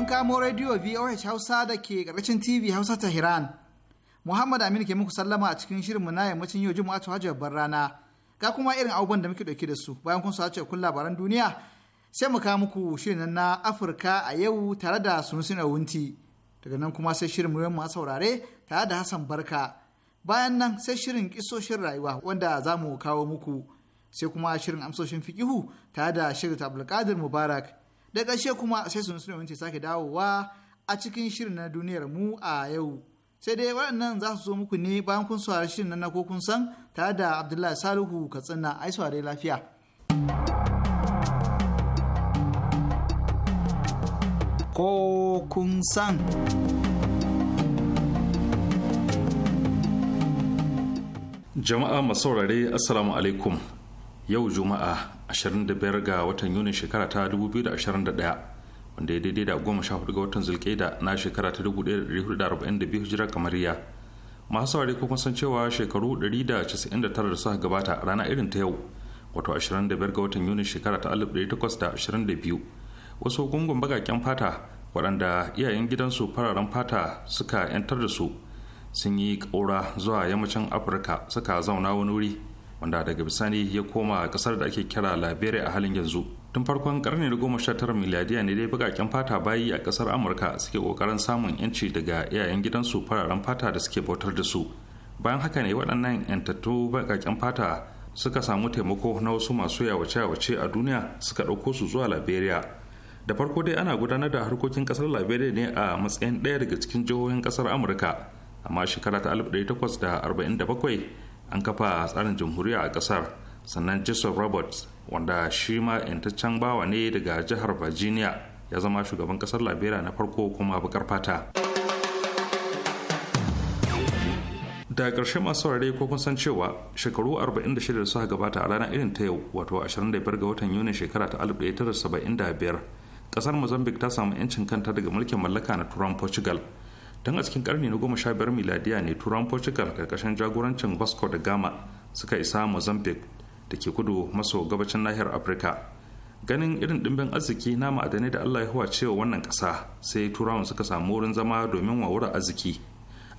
Kun kamo rediyo VOH Hausa da ke ƙarƙashin TV Hausa Tehran. Muhammad Aminu ke muku sallama a cikin shirinmu na yammacin yau Juma'a ta hajjar rana. Ga kuma irin abubuwan da muke ɗauke da su bayan kun sace kun labaran duniya sai mu kawo muku shirin na Afirka a yau tare da Sunusin Wunti? Daga nan kuma sai shirin muryar masu saurare tare da Hassan Barka. Bayan nan sai shirin kisoshin rayuwa wanda za mu kawo muku. Sai kuma shirin amsoshin fikihu tare da Shirin Abdulkadir Mubarak. da ƙarshe kuma sai sun suna minti sake dawowa a cikin shirin na duniyar mu a yau sai dai waɗannan za su zo muku ne bayan kun saurari shirin na ko kun san tare da abdullahi salihu katsina ai saurari lafiya ko kun san jama'a masaurare assalamu alaikum yau juma'a 25 ga watan yuni shekara ta 2021 wanda ya daidai da 14 ga watan zulkaida na shekara ta 1442 hijira kamariya masu saurari kuma san cewa shekaru 199 da suka gabata rana irin ta yau wato 25 ga watan yuni shekara ta 1822 wasu gungun bagaken fata waɗanda iyayen gidansu fararen fata suka 'yantar da su sun yi ƙaura zuwa yammacin afirka suka zauna wani wuri wanda daga bisani ya koma kasar da ake kira liberia a halin yanzu tun farkon karni da goma sha tara miladiya ne dai bakaken fata bayi a kasar amurka suke kokarin samun yanci daga iyayen gidansu fararen fata da suke bautar da su bayan haka ne waɗannan yantattu bakaken fata suka samu taimako na wasu masu yawace-yawace a duniya suka ɗauko su zuwa liberia da farko dai ana gudanar da harkokin kasar liberia ne a matsayin ɗaya daga cikin jihohin kasar amurka amma shekara ta da da bakwai. an kafa a tsarin jamhuriya a kasar sannan joseph roberts wanda shi ma intaccen bawa ne daga jihar virginia ya zama shugaban kasar liberia na farko kuma bakar fata da ƙarshe masu saurare ko kun san cewa shekaru 46 suka gabata a ranar irin ta yau wato 25 ga watan yuni shekara ta 1975 kasar mozambique ta samu 'yancin kanta daga mulkin mallaka na turan portugal tun a cikin karni na goma sha biyar miladiya ne turan portugal karkashin jagorancin vasco da gama suka isa mozambique da ke kudu maso gabacin nahiyar afirka ganin irin dimbin arziki na ma'adanai da allah ya huwa cewa wannan ƙasa sai turawan suka samu wurin zama domin wawura arziki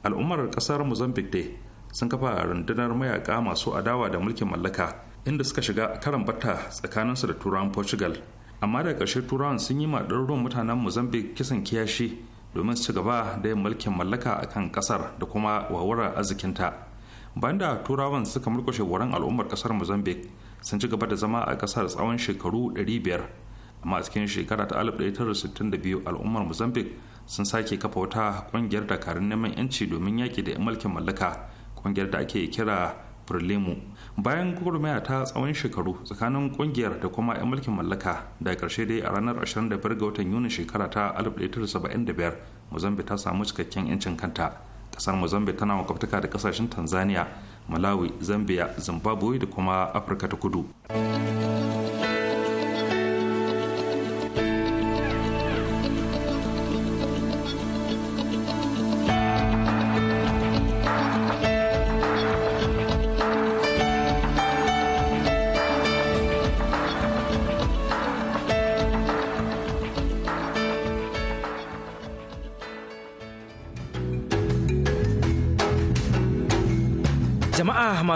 al'ummar ƙasar mozambique dai sun kafa rundunar mayaka masu adawa da mulkin mallaka inda suka shiga karan batta tsakaninsu da turawan portugal amma da ƙarshe turawan sun yi ma mutanen mozambique kisan kiyashi domin su cigaba gaba da yin mulkin mallaka a kan kasar da kuma wawurar arzikinta bayan da turawan suka murkushe wurin al'ummar kasar mozambique sun ci gaba da zama a kasar tsawon shekaru 500 amma a cikin shekara ta 1962 al'ummar mozambique sun sake kafa wata kungiyar dakarun neman yanci domin yaki da mulkin mallaka kungiyar da ake kira frelimo bayan gwagwarmaya ta tsawon shekaru tsakanin kungiyar da kuma 'yan mulkin mallaka da karshe dai a ranar 25 ga watan yuni shekara ta 1975 mozambi ta samu cikakken 'yancin kanta kasar mozambi tana makwabtaka da kasashen tanzania malawi zambia zimbabwe da kuma afirka ta kudu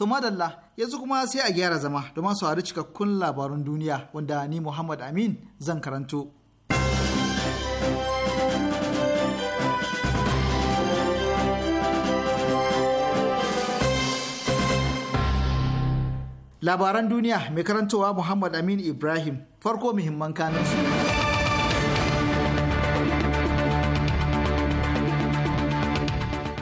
To madalla yanzu kuma sai a gyara zama domin saurari cikakkun labarun duniya wanda ni Muhammad Amin zan karanto. Labaran duniya mai karantowa Muhammad Amin Ibrahim farko muhimman su.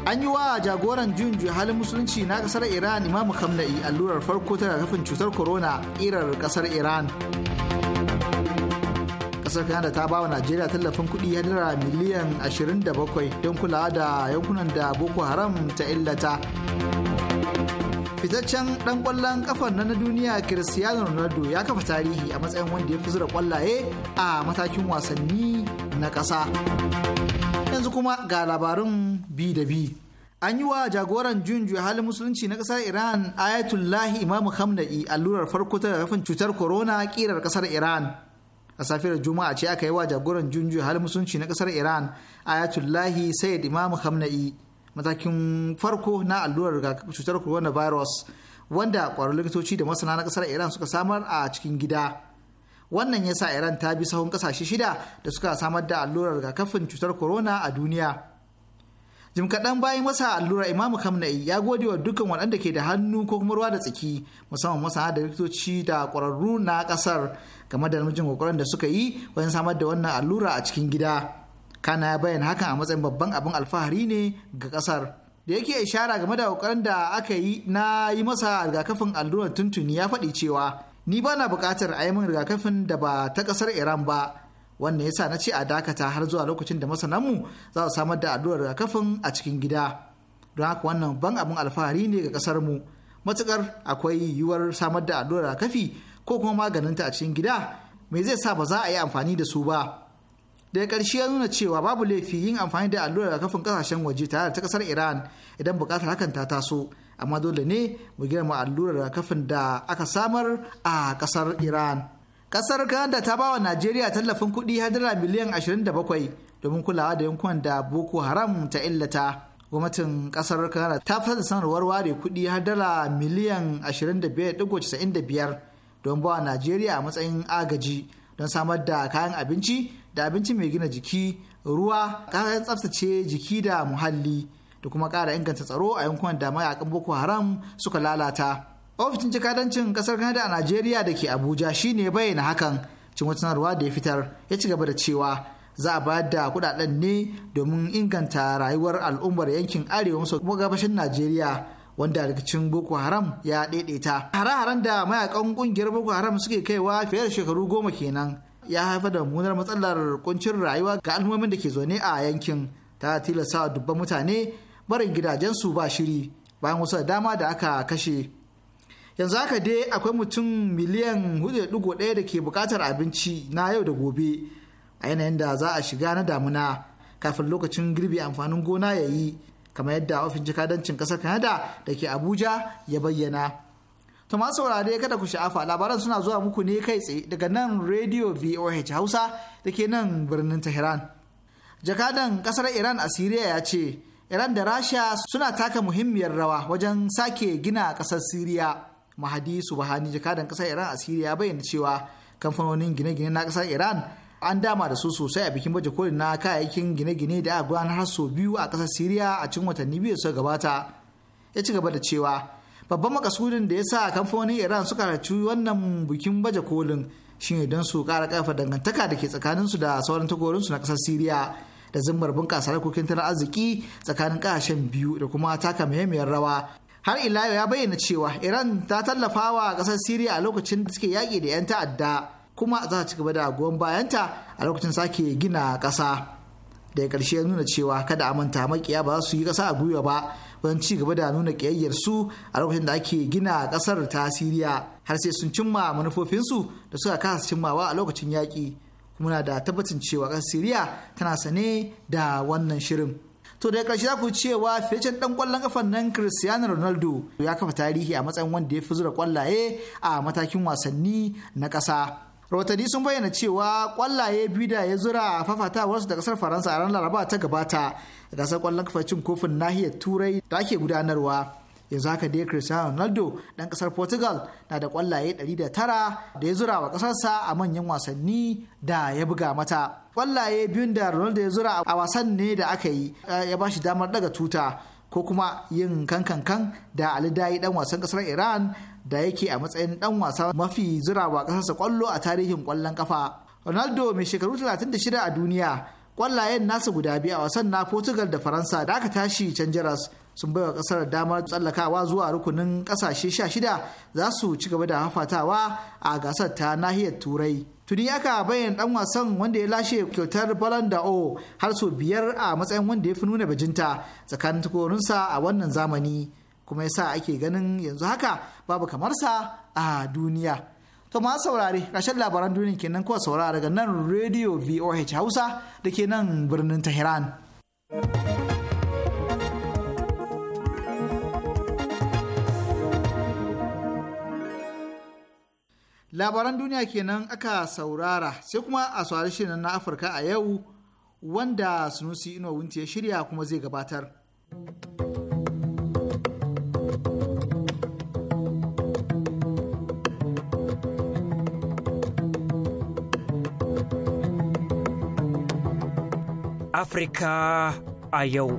an yi wa jagoran juyin halin musulunci na kasar iran imamu kamna'i allurar farko ta rigakafin cutar corona irar kasar iran kasar canada ta bawa najeriya tallafin kuɗi ya dara miliyan 27 don kulawa da yankunan da boko haram ta illata fitaccen dan kwallon kafar na duniya cristiano ronaldo ya kafa tarihi a matsayin wanda ya fi zura kwallaye a matakin wasanni na ƙasa. yanzu kuma ga labarin bi da bi. An yi wa jagoran junju halin musulunci na ƙasar Iran Ayatullahi Imam Hamna'i allurar farko ta rafin cutar corona ƙirar ƙasar Iran. A safiyar Juma'a ce aka yi wa jagoran junju halin musulunci na ƙasar Iran Ayatullahi Sayyid Imam Hamna'i matakin farko na allurar rigakafin cutar coronavirus wanda ƙwararrun likitoci da masana na ƙasar Iran suka samar a cikin gida. wannan ya sa iran ta bi sahun kasashe shida da suka samar da allurar rigakafin cutar corona a duniya jim kaɗan bayan masa allura imamu kamna'i ya gode wa dukkan waɗanda ke da hannu ko kuma ruwa da tsaki musamman masana da likitoci da ƙwararru na ƙasar game da namijin ƙoƙarin da suka yi wajen samar da wannan allura a cikin gida kana ya bayyana hakan a matsayin babban abin alfahari ne ga ƙasar da yake ishara game da ƙoƙarin da aka yi na yi masa rigakafin allurar tuntuni ya faɗi cewa ni ba na buƙatar a yi min rigakafin da ba ta ƙasar iran ba wannan yasa na ce a dakata har zuwa lokacin da masananmu za su samar da allurar rigakafin a cikin gida don haka wannan ban abin alfahari ne ga ƙasar mu matukar akwai yiwuwar samar da allurar rigakafi ko kuma maganinta a cikin gida me zai sa ba za a yi amfani da su ba daga ƙarshe ya nuna cewa babu laifi yin amfani da allurar rigakafin ƙasashen waje tare da ta ƙasar iran idan buƙatar hakan ta taso amma dole ne mu gina mu allurar kafin da aka samar a kasar iran kasar canada ta bawa najeriya tallafin kuɗi hadara miliyan 27 domin kulawa da yankunan da boko haram ta illata gwamnatin kasar canada ta fasa sanarwar ware kuɗi hadara miliyan 25.95 don bawa najeriya a matsayin agaji don samar da kayan abinci da abinci mai gina jiki ruwa kayan tsaftace jiki da muhalli da kuma ƙara inganta tsaro a yankunan da mayakan boko haram suka lalata ofishin jikadancin kasar canada a najeriya da ke abuja shine bayyana hakan cikin wata sanarwa da ya fitar ya ci gaba da cewa za a bayar da kudaden ne domin inganta rayuwar al'ummar yankin arewa maso gabashin najeriya wanda rikicin boko haram ya daidaita hare-haren da mayakan kungiyar boko haram suke kaiwa fiye da shekaru goma kenan ya haifar da mummunar matsalar kuncin rayuwa ga al'ummomin da ke zaune a yankin ta tilasta dubban mutane barin gidajensu ba shiri bayan wasu da dama da aka kashe yanzu haka dai akwai mutum miliyan 4.1 da ke bukatar abinci na yau da gobe a yanayin da za a shiga na damuna kafin lokacin girbi amfanin gona ya yi kamar yadda ofin jikadancin kasar kanada da ke abuja ya bayyana to masu saurare kada ku sha'afa labaran suna zuwa muku ne kai tsaye daga nan radio voh hausa da ke nan birnin tehran jakadan kasar iran a siriya ya ce Iran da Rasha suna taka muhimmiyar rawa wajen sake gina ƙasar Siriya. Mahadi Subhani jakadan ƙasar Iran a Siriya bayyana cewa kamfanonin gine-gine na ƙasar Iran an dama da su sosai a bikin baje kolin na kayayyakin gine-gine da aka gudanar har sau biyu a ƙasar Siriya a cikin watanni biyu suka gabata. Ya ci gaba da cewa babban makasudin da ya sa kamfanonin Iran suka halarci wannan bikin baje kolin shine don su ƙara ƙarfa dangantaka da ke tsakaninsu da sauran takwarorinsu na ƙasar Siriya. da zimmar bunƙasa harkokin tattalin arziki tsakanin ƙasashen biyu da kuma taka muhimmiyar rawa har ila ya bayyana cewa iran ta tallafa wa ƙasar siriya a lokacin da suke yaƙi da 'yan ta'adda kuma za ta ci gaba da goyon bayanta a lokacin sake gina ƙasa da daga ƙarshe ya nuna cewa kada a manta makiya ba za su yi ƙasa a gwiwa ba wajen ci gaba da nuna ƙiyayyar su a lokacin da ake gina ƙasar ta siriya har sai sun cimma manufofinsu da suka kasa cimmawa a lokacin yaƙi muna da tabbacin cewa ƙasar siriya tana sane da wannan shirin to daga ƙarshe za ku cewa fecen ɗan kwallon kafan nan cristiano ronaldo ya kafa tarihi a matsayin wanda ya fi zura ƙwallaye a matakin wasanni na ƙasa rahotanni sun bayyana cewa ƙwallaye biyu da ya zura a fafatawarsu da ƙasar faransa a ranar laraba ta gabata gasar ƙwallon kafa cin kofin nahiyar turai da ake gudanarwa ya zaka dai cristiano ronaldo dan kasar portugal na da kwallaye 109 da ya zura wa kasarsa a manyan wasanni da ya buga mata kwallaye biyun da ronaldo ya zura a wasan ne da aka yi eh, ya ba shi damar daga tuta ko kuma yin kan da ali alidayi dan wasan kasar iran da yake a matsayin dan wasa mafi zura zurawa kasarsa kwallo a tarihin kwallon kafa ronaldo mai shekaru 36 a duniya kwallayen nasa guda biyu a wasan na portugal da faransa da aka tashi canjeras sun baiwa kasar damar tsallakawa zuwa rukunin kasashe sha shida za su ci gaba da hafatawa a gasar ta nahiyar turai tuni aka bayyana dan wasan wanda ya lashe kyautar da o har sau biyar a matsayin wanda ya fi nuna bajinta tsakanin takorinsa a wannan zamani kuma yasa ake ganin yanzu haka babu kamar sa a duniya to ma saurare ƙarshen labaran duniya kenan kuwa saurara daga nan radio voh hausa da ke nan birnin tehran labaran duniya kenan aka saurara sai kuma a saurari shirin na afirka a yau wanda sunusi ino wunti ya shirya kuma zai gabatar afirka a yau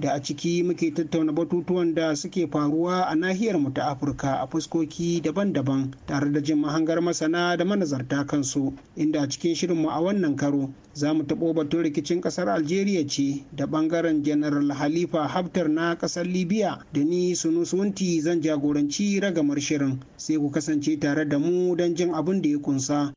da a ciki muke tattauna batutuwan da suke faruwa a nahiyar mu ta afirka a fuskoki daban-daban tare da jin mahangar masana da manazarta kansu inda a cikin shirinmu a wannan karo za mu taɓo batun rikicin ƙasar algeria ce da ɓangaren general halifa haftar na ƙasar libya da ni sunusunti zan jagoranci ragamar shirin sai ku kasance tare da mu don jin abin da ya kunsa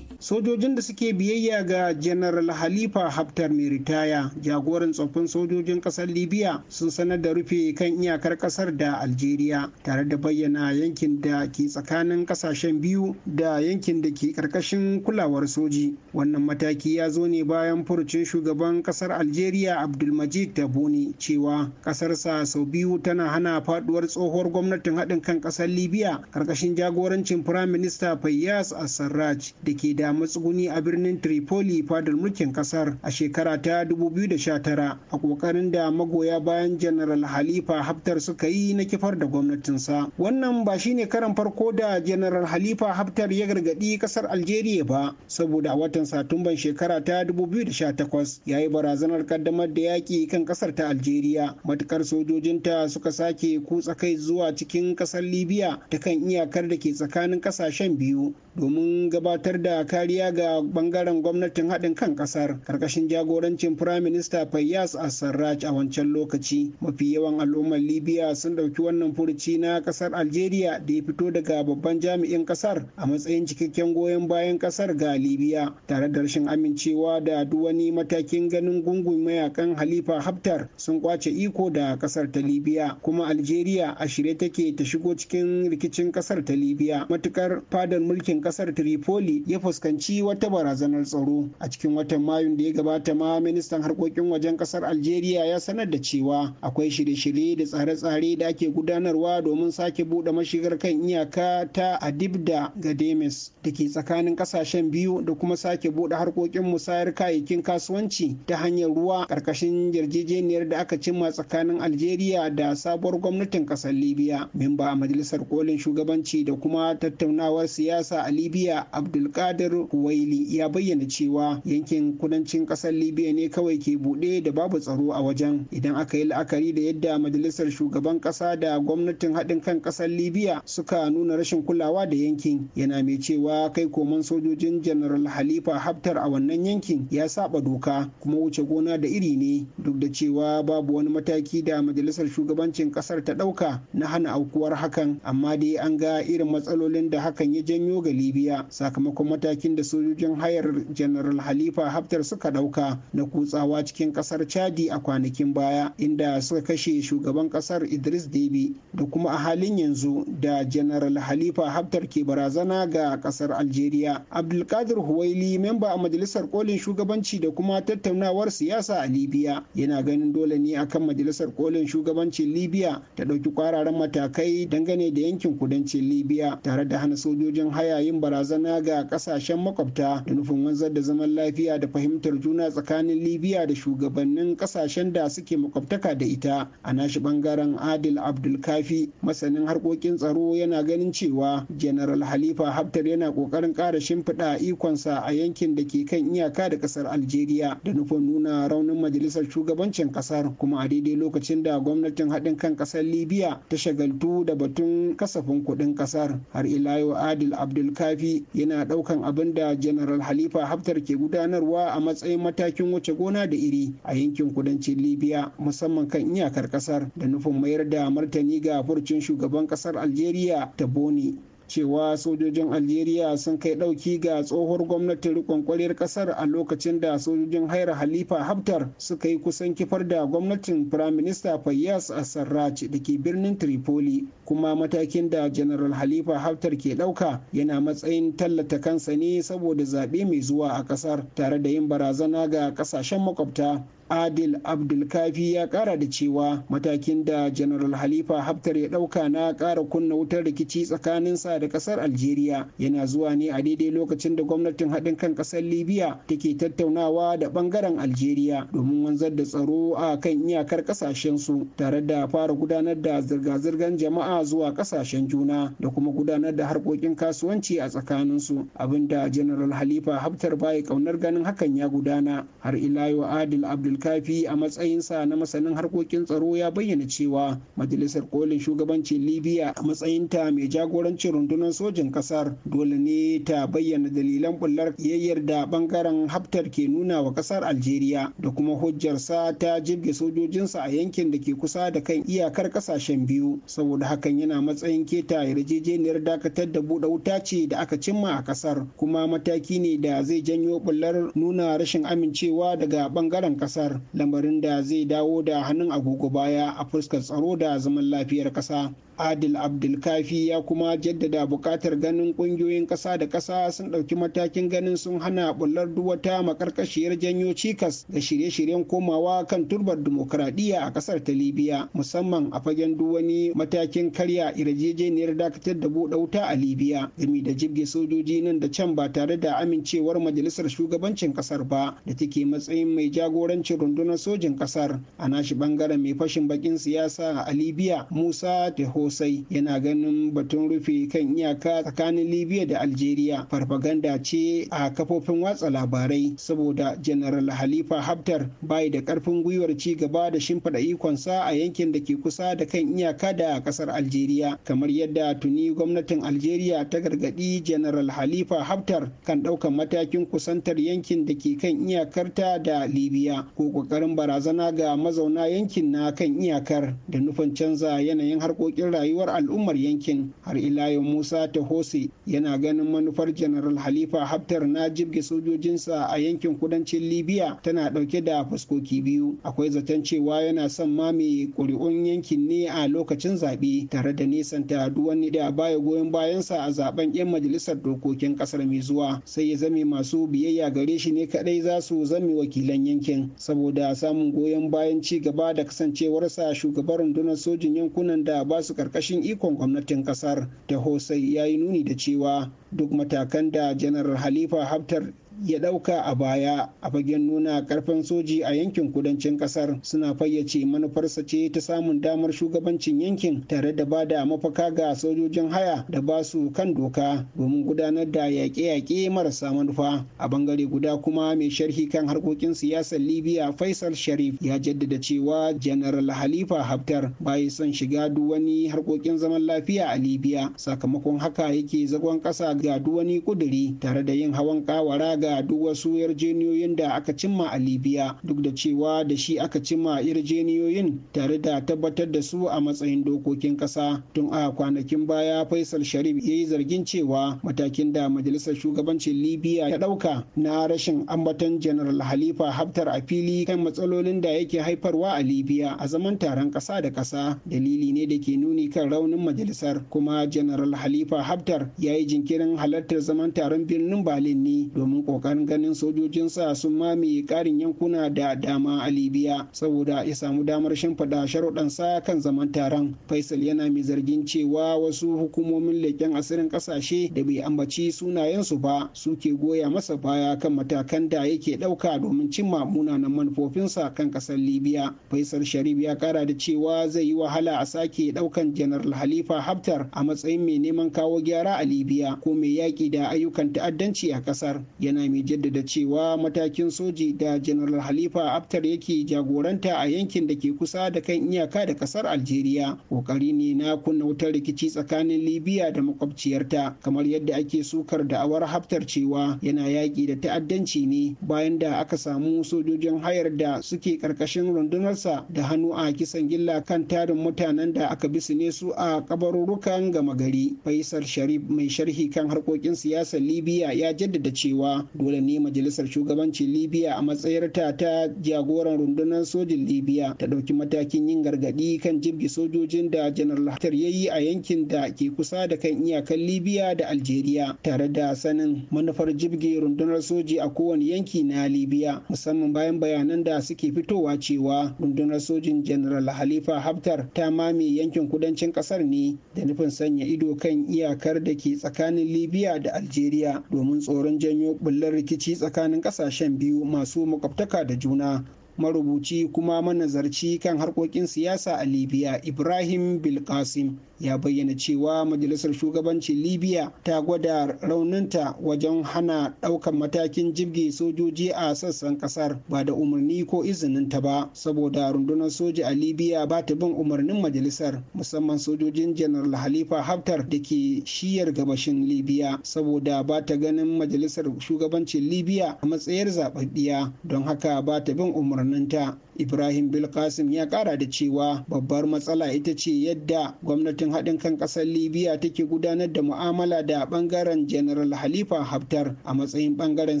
sojojin da suke biyayya ga general halifa haftar mai ritaya jagoran tsoffin sojojin kasar libya sun sanar da rufe kan iyakar kasar da algeria tare da bayyana yankin da ke tsakanin kasashen biyu da yankin da ke karkashin kulawar soji wannan mataki ya zo ne bayan furucin shugaban kasar algeria abdulmajid tabuni cewa kasarsa sau biyu tana hana faduwar tsohuwar gwamnatin haɗin kan kasar libya karkashin jagorancin firaminista fayyas assarraj da ke da matsuguni a birnin tripoli fadar mulkin kasar a shekara ta 2019 a kokarin da magoya bayan general halifa haftar suka yi na kifar da gwamnatinsa wannan ba shine karan farko da general halifa haftar ya gargadi kasar algeria ba saboda a watan satumban shekara ta 2018 ya yi barazanar kaddamar da yaƙi kan kasar ta algeria matukar sojojinta suka sake kutsa kai zuwa cikin kasar libya ta kan iyakar da ke tsakanin ƙasashen biyu domin gabatar da kariya ga bangaren gwamnatin haɗin kan ƙasar karkashin jagorancin firaminista fayyas Sarraj a wancan lokaci mafi yawan al'ummar libya sun ɗauki wannan furuci na ƙasar algeria da ya fito daga babban jami'in ƙasar a matsayin cikakken goyon bayan ƙasar ga libya tare da rashin amincewa da duk wani matakin ganin gungun mayakan halifa haftar sun kwace iko da ƙasar ta libya kuma algeria a shirye take ta shigo cikin rikicin ƙasar ta libya matukar fadar mulkin kasar tripoli ya fuskanci wata barazanar tsaro a cikin watan Mayu da ya gabata ma ministan harkokin wajen kasar algeria ya sanar da cewa akwai shirye-shirye da tsare-tsare da ake gudanarwa domin sake buɗe mashigar kan iyaka ta adibda ga demes da ke tsakanin kasashen biyu da kuma sake buɗe harkokin musayar kayayyakin kasuwanci ta hanyar ruwa ƙarƙashin yarjejeniyar da aka cimma tsakanin algeria da sabuwar gwamnatin ƙasar libya memba a majalisar kolin shugabanci da kuma tattaunawar siyasa a a libya abdulkadir huwaili ya bayyana cewa yankin kudancin kasar libya ne kawai ke buɗe da babu tsaro a wajen idan aka yi la'akari da yadda majalisar shugaban kasa da gwamnatin haɗin kan kasar libya suka nuna rashin kulawa da yankin yana mai cewa kai koman sojojin general halifa haftar a wannan yankin ya saba doka kuma wuce gona da iri ne duk da cewa babu wani mataki da majalisar shugabancin kasar ta ɗauka na hana aukuwar hakan amma dai an ga irin matsalolin da hakan ya janyo ga libya sakamakon matakin da sojojin hayar general halifa haftar suka dauka na kutsawa cikin kasar chadi a kwanakin baya inda suka kashe shugaban kasar idris debi da kuma a halin yanzu da general halifa haftar ke barazana ga kasar algeria abdulkadir huwaili memba a majalisar kolin shugabanci da kuma tattaunawar siyasa a libya yana ganin dole ne akan majalisar kolin shugabancin libya ta ɗauki kwararan matakai dangane da yankin kudancin libya tare da hana sojojin haya yin barazana ga kasashen makwabta da nufin wanzar da zaman lafiya da fahimtar juna tsakanin libya da shugabannin kasashen da suke makwabtaka da ita a nashi bangaren adil abdulkafi masanin harkokin tsaro yana ganin cewa general halifa haftar yana kokarin kara shimfiɗa ikonsa a yankin da ke kan iyaka da kasar algeria da nufin nuna raunin majalisar shugabancin kasar kuma a daidai lokacin da gwamnatin haɗin kan kasar libya ta shagaltu da batun kasafin kuɗin kasar har ila yau adil abdulkafi kafi yana ɗaukan abin da General Halifa Haftar ke gudanarwa a matsayin matakin wuce gona da iri a yankin kudancin Libya musamman kan iyakar kasar da nufin mayar da martani ga furcin shugaban kasar Algeria ta Boni cewa sojojin algeria sun kai ɗauki ga tsohuwar gwamnatin rikon kwaryar ƙasar a lokacin da sojojin hayar halifa haftar suka yi kusan kifar da gwamnatin firaminista fayyas a sarraj da ke birnin tripoli kuma matakin da general halifa haftar ke ɗauka yana matsayin tallata kansa ne saboda zaɓe mai zuwa a ƙasar tare da yin barazana ga ƙasashen makwabta adil abdulkafi ya kara da cewa matakin da general halifa haftar ya dauka na kara kunna wutar rikici tsakanin sa da kasar algeria yana zuwa ne a daidai lokacin da gwamnatin haɗin kan ƙasar libya take tattaunawa da ɓangaren algeria domin wanzar da tsaro a kan iyakar ƙasashensu tare da fara gudanar da zirga-zirgar jama'a zuwa kasashen juna da kuma gudanar da harkokin kasuwanci a tsakaninsu abinda general halifa haftar baya kaunar ganin hakan ya gudana har ila yau adil abdul zulkafi a matsayinsa na masanin harkokin tsaro ya bayyana cewa majalisar kolin shugabancin libya a matsayinta mai jagorancin rundunar sojin kasar dole ne ta bayyana dalilan bullar yayyar da bangaren haftar ke nuna wa kasar algeria da kuma hujjarsa ta jirge sojojinsa a yankin da ke kusa da kan iyakar kasashen biyu saboda hakan yana matsayin keta yarjejeniyar dakatar da buɗe wuta ce da aka cimma a kasar kuma mataki ne da zai janyo bullar nuna rashin amincewa daga bangaren kasar kasar lamarin da zai dawo da hannun agogo baya a fuskar tsaro da zaman lafiyar kasa adil abdulkafi ya kuma jaddada buƙatar ganin ƙungiyoyin ƙasa da ƙasa sun ɗauki matakin ganin sun hana bullar duk wata makarkashiyar janyo cikas da shirye-shiryen komawa kan turbar dimokuraɗiyya a ƙasar ta libya musamman a fagen duk wani matakin karya yarjejeniyar dakatar da buɗe wuta a libya gami da jibge sojoji nan da can ba tare da amincewar majalisar shugabancin ƙasar ba da take matsayin mai jagorancin rundunar sojin ƙasar a nashi ɓangaren mai fashin bakin siyasa a libya musa teho sosai yana ganin batun rufe kan iyaka tsakanin libya da algeria farfaganda ce a kafofin watsa labarai saboda general halifa haftar bai da karfin gwiwar ci gaba da shimfiɗa ikonsa a yankin da ke kusa da kan iyaka da kasar algeria kamar yadda tuni gwamnatin algeria ta gargaɗi general halifa haftar kan ɗaukan matakin kusantar yankin da ke kan iyakarta da libya ko ƙoƙarin barazana ga mazauna yankin na kan iyakar da nufin canza yanayin harkokin rayuwar al'ummar yankin har ila yau musa tahose yana ganin manufar general halifa haftar na jibge sojojinsa a yankin kudancin libya tana dauke da fuskoki biyu akwai zaton cewa yana son mame ƙuri'un yankin ne a lokacin zaɓe tare da nesanta duk wani da baya goyon bayansa a zaben 'yan majalisar dokokin ƙasar mai zuwa sai ya zame masu biyayya gare shi ne kaɗai za su zame wakilan yankin saboda samun goyon bayan ci gaba da kasancewarsa shugaban rundunar sojin yankunan da ba su karkashin ikon gwamnatin kasar ta hosai ya yi nuni da cewa duk matakan da janar halifa haftar ya ɗauka a baya a fagen nuna ƙarfin soji a yankin kudancin ƙasar suna fayyace manufarsa ce ta samun damar shugabancin yankin tare da bada mafaka ga sojojin haya da ba su kan doka domin gudanar da yaƙe-yaƙe marasa manufa a bangare guda kuma mai sharhi kan harkokin siyasar libya faisal sharif ya jaddada cewa general halifa haftar bai son shiga duk wani harkokin zaman lafiya a libya sakamakon haka yake zagon ƙasa ga duk wani ƙuduri tare da yin hawan ƙawara ga da duk wasu yarjeniyoyin da aka cimma a libya duk da cewa da shi aka cimma yarjeniyoyin tare da tabbatar da su a matsayin dokokin ƙasa tun a kwanakin baya faisal sharif ya yi zargin cewa matakin da majalisar shugabancin libya ya ɗauka na rashin ambaton general halifa haftar a fili kan matsalolin da yake haifarwa a libya a zaman taron ƙasa da ƙasa dalili ne da ke nuni kan raunin majalisar kuma general halifa haftar ya yi jinkirin halartar zaman taron birnin berlin ne domin kokarin ganin sojojinsa sun mamaye karin yankuna da dama a libya saboda ya samu damar shimfiɗa sharuɗansa kan zaman taron faisal yana mai zargin cewa wasu hukumomin leƙen asirin ƙasashe da bai ambaci sunayensu ba suke goya masa baya kan matakan da yake ɗauka domin cimma munanan manufofinsa kan ƙasar libya faisal sharif ya kara da cewa zai yi wahala a sake ɗaukan janaral halifa haftar a matsayin mai neman kawo gyara a libya ko mai yaƙi da ayyukan ta'addanci a ƙasar yana na mai jaddada cewa matakin soji da general halifa abtar yake jagoranta a yankin da ke kusa da kan iyaka da kasar algeria kokari ne na kunna wutar rikici tsakanin libya da makwabciyarta kamar yadda ake sukar da awar haftar cewa yana yaƙi da ta'addanci ne bayan da aka samu sojojin hayar da suke ƙarƙashin rundunarsa da hannu a kisan gilla kan tarin mutanen da aka bi su ne su a kabarurukan gama gari faisal sharif mai sharhi kan harkokin siyasar libya ya jaddada cewa dole ne majalisar shugabancin libya a matsayar ta ta jagoran rundunar sojin libya ta ɗauki matakin yin gargadi kan jirgi sojojin da janar haftar ya yi a yankin da ke kusa da kan iyakar libya da algeria tare da sanin manufar jirgi rundunar soji a kowane yanki na libya musamman bayan bayanan da suke fitowa cewa rundunar sojin janar halifa haftar ta mame yankin kudancin kasar ne da nufin sanya ido kan iyakar da ke tsakanin libya da algeria domin tsoron janyo bullar rikici tsakanin kasashen biyu masu makwabtaka da juna marubuci kuma manazarci kan harkokin siyasa a libya ibrahim bilkasim ya bayyana cewa majalisar shugabancin libya ta gwada rauninta wajen hana ɗaukan matakin jibge sojoji a sassan ƙasar ba da umarni ko izinin ta ba saboda rundunar soja a libya ba ta bin umarnin majalisar musamman sojojin janar halifa haftar da ke shiyar gabashin libya saboda ba ta ganin majalisar shugabancin libya a matsayar zababbiya don haka ba ta bin ta. ibrahim bilkasim ya kara da cewa babbar matsala ita ce yadda gwamnatin haɗin kan ƙasar libya take gudanar da mu'amala da ɓangaren general halifa haftar a matsayin ɓangaren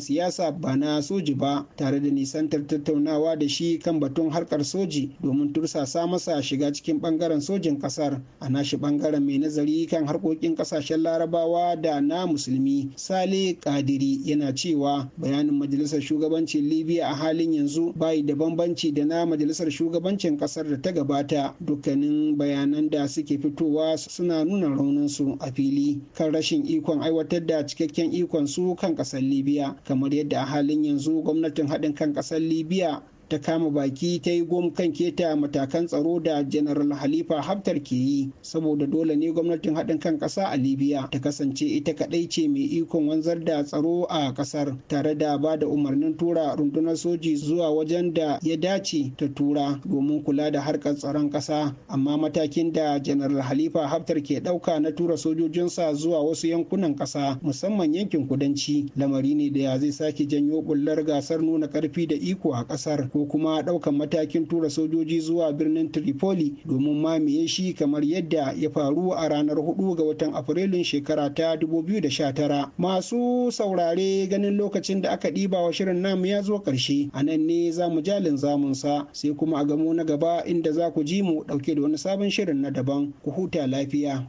siyasa ba na soji ba tare da nisantar tattaunawa da shi kan batun harkar soji domin tursasa masa shiga cikin bangaren sojin ƙasar a nashi bangaren mai nazari kan harkokin ƙasashen larabawa da na musulmi sale kadiri yana cewa bayanin majalisar shugabancin libya a halin yanzu bayi da bambanci da na majalisar shugabancin kasar da ta gabata dukkanin bayanan da suke fitowa suna nuna rauninsu a fili kan rashin ikon aiwatar da cikakken ikon su kan kasar libya kamar yadda a halin yanzu gwamnatin haɗin kan kasar libya ta kama baki ta yi gom kan keta matakan tsaro da janaral halifa haftar ke yi saboda dole ne gwamnatin haɗin kan ƙasa a libya ta kasance ita kaɗai ce mai ikon wanzar da tsaro a ƙasar tare da ba da umarnin tura rundunar soji zuwa wajen da ya dace ta tura domin kula da harkar tsaron ƙasa amma matakin da janaral halifa haftar ke ɗauka na tura sojojinsa zuwa wasu yankunan ƙasa musamman yankin kudanci lamari ne da ya zai sake janyo bullar gasar nuna ƙarfi da iko a ƙasar ko kuma ɗaukan matakin tura sojoji zuwa birnin Tripoli domin mamaye shi kamar yadda ya faru a ranar 4 ga watan Afrilun shekara ta 2019. Masu saurare ganin lokacin da aka ɗiba wa shirin namu ya zo ƙarshe, a nan ne za mu jalin zamunsa sai kuma a gamo na gaba inda za ku ji mu ɗauke da wani sabon shirin na daban ku huta lafiya.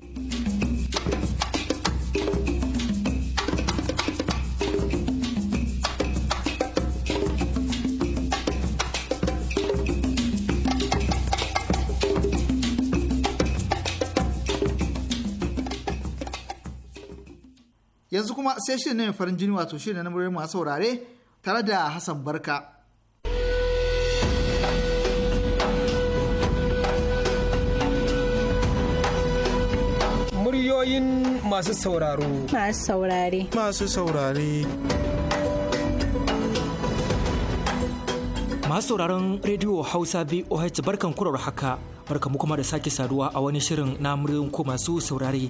yanzu kuma sai shi ne farin jini wato shi na murin masu saurare tare da Hassan Barka. Muryoyin masu sauraro. Masu saurare. Masu saurare. Masu sauraron rediyo Hausa VOH barkan kurar haka barkamu kuma da sake saduwa a wani shirin na muryoyin ko masu saurare.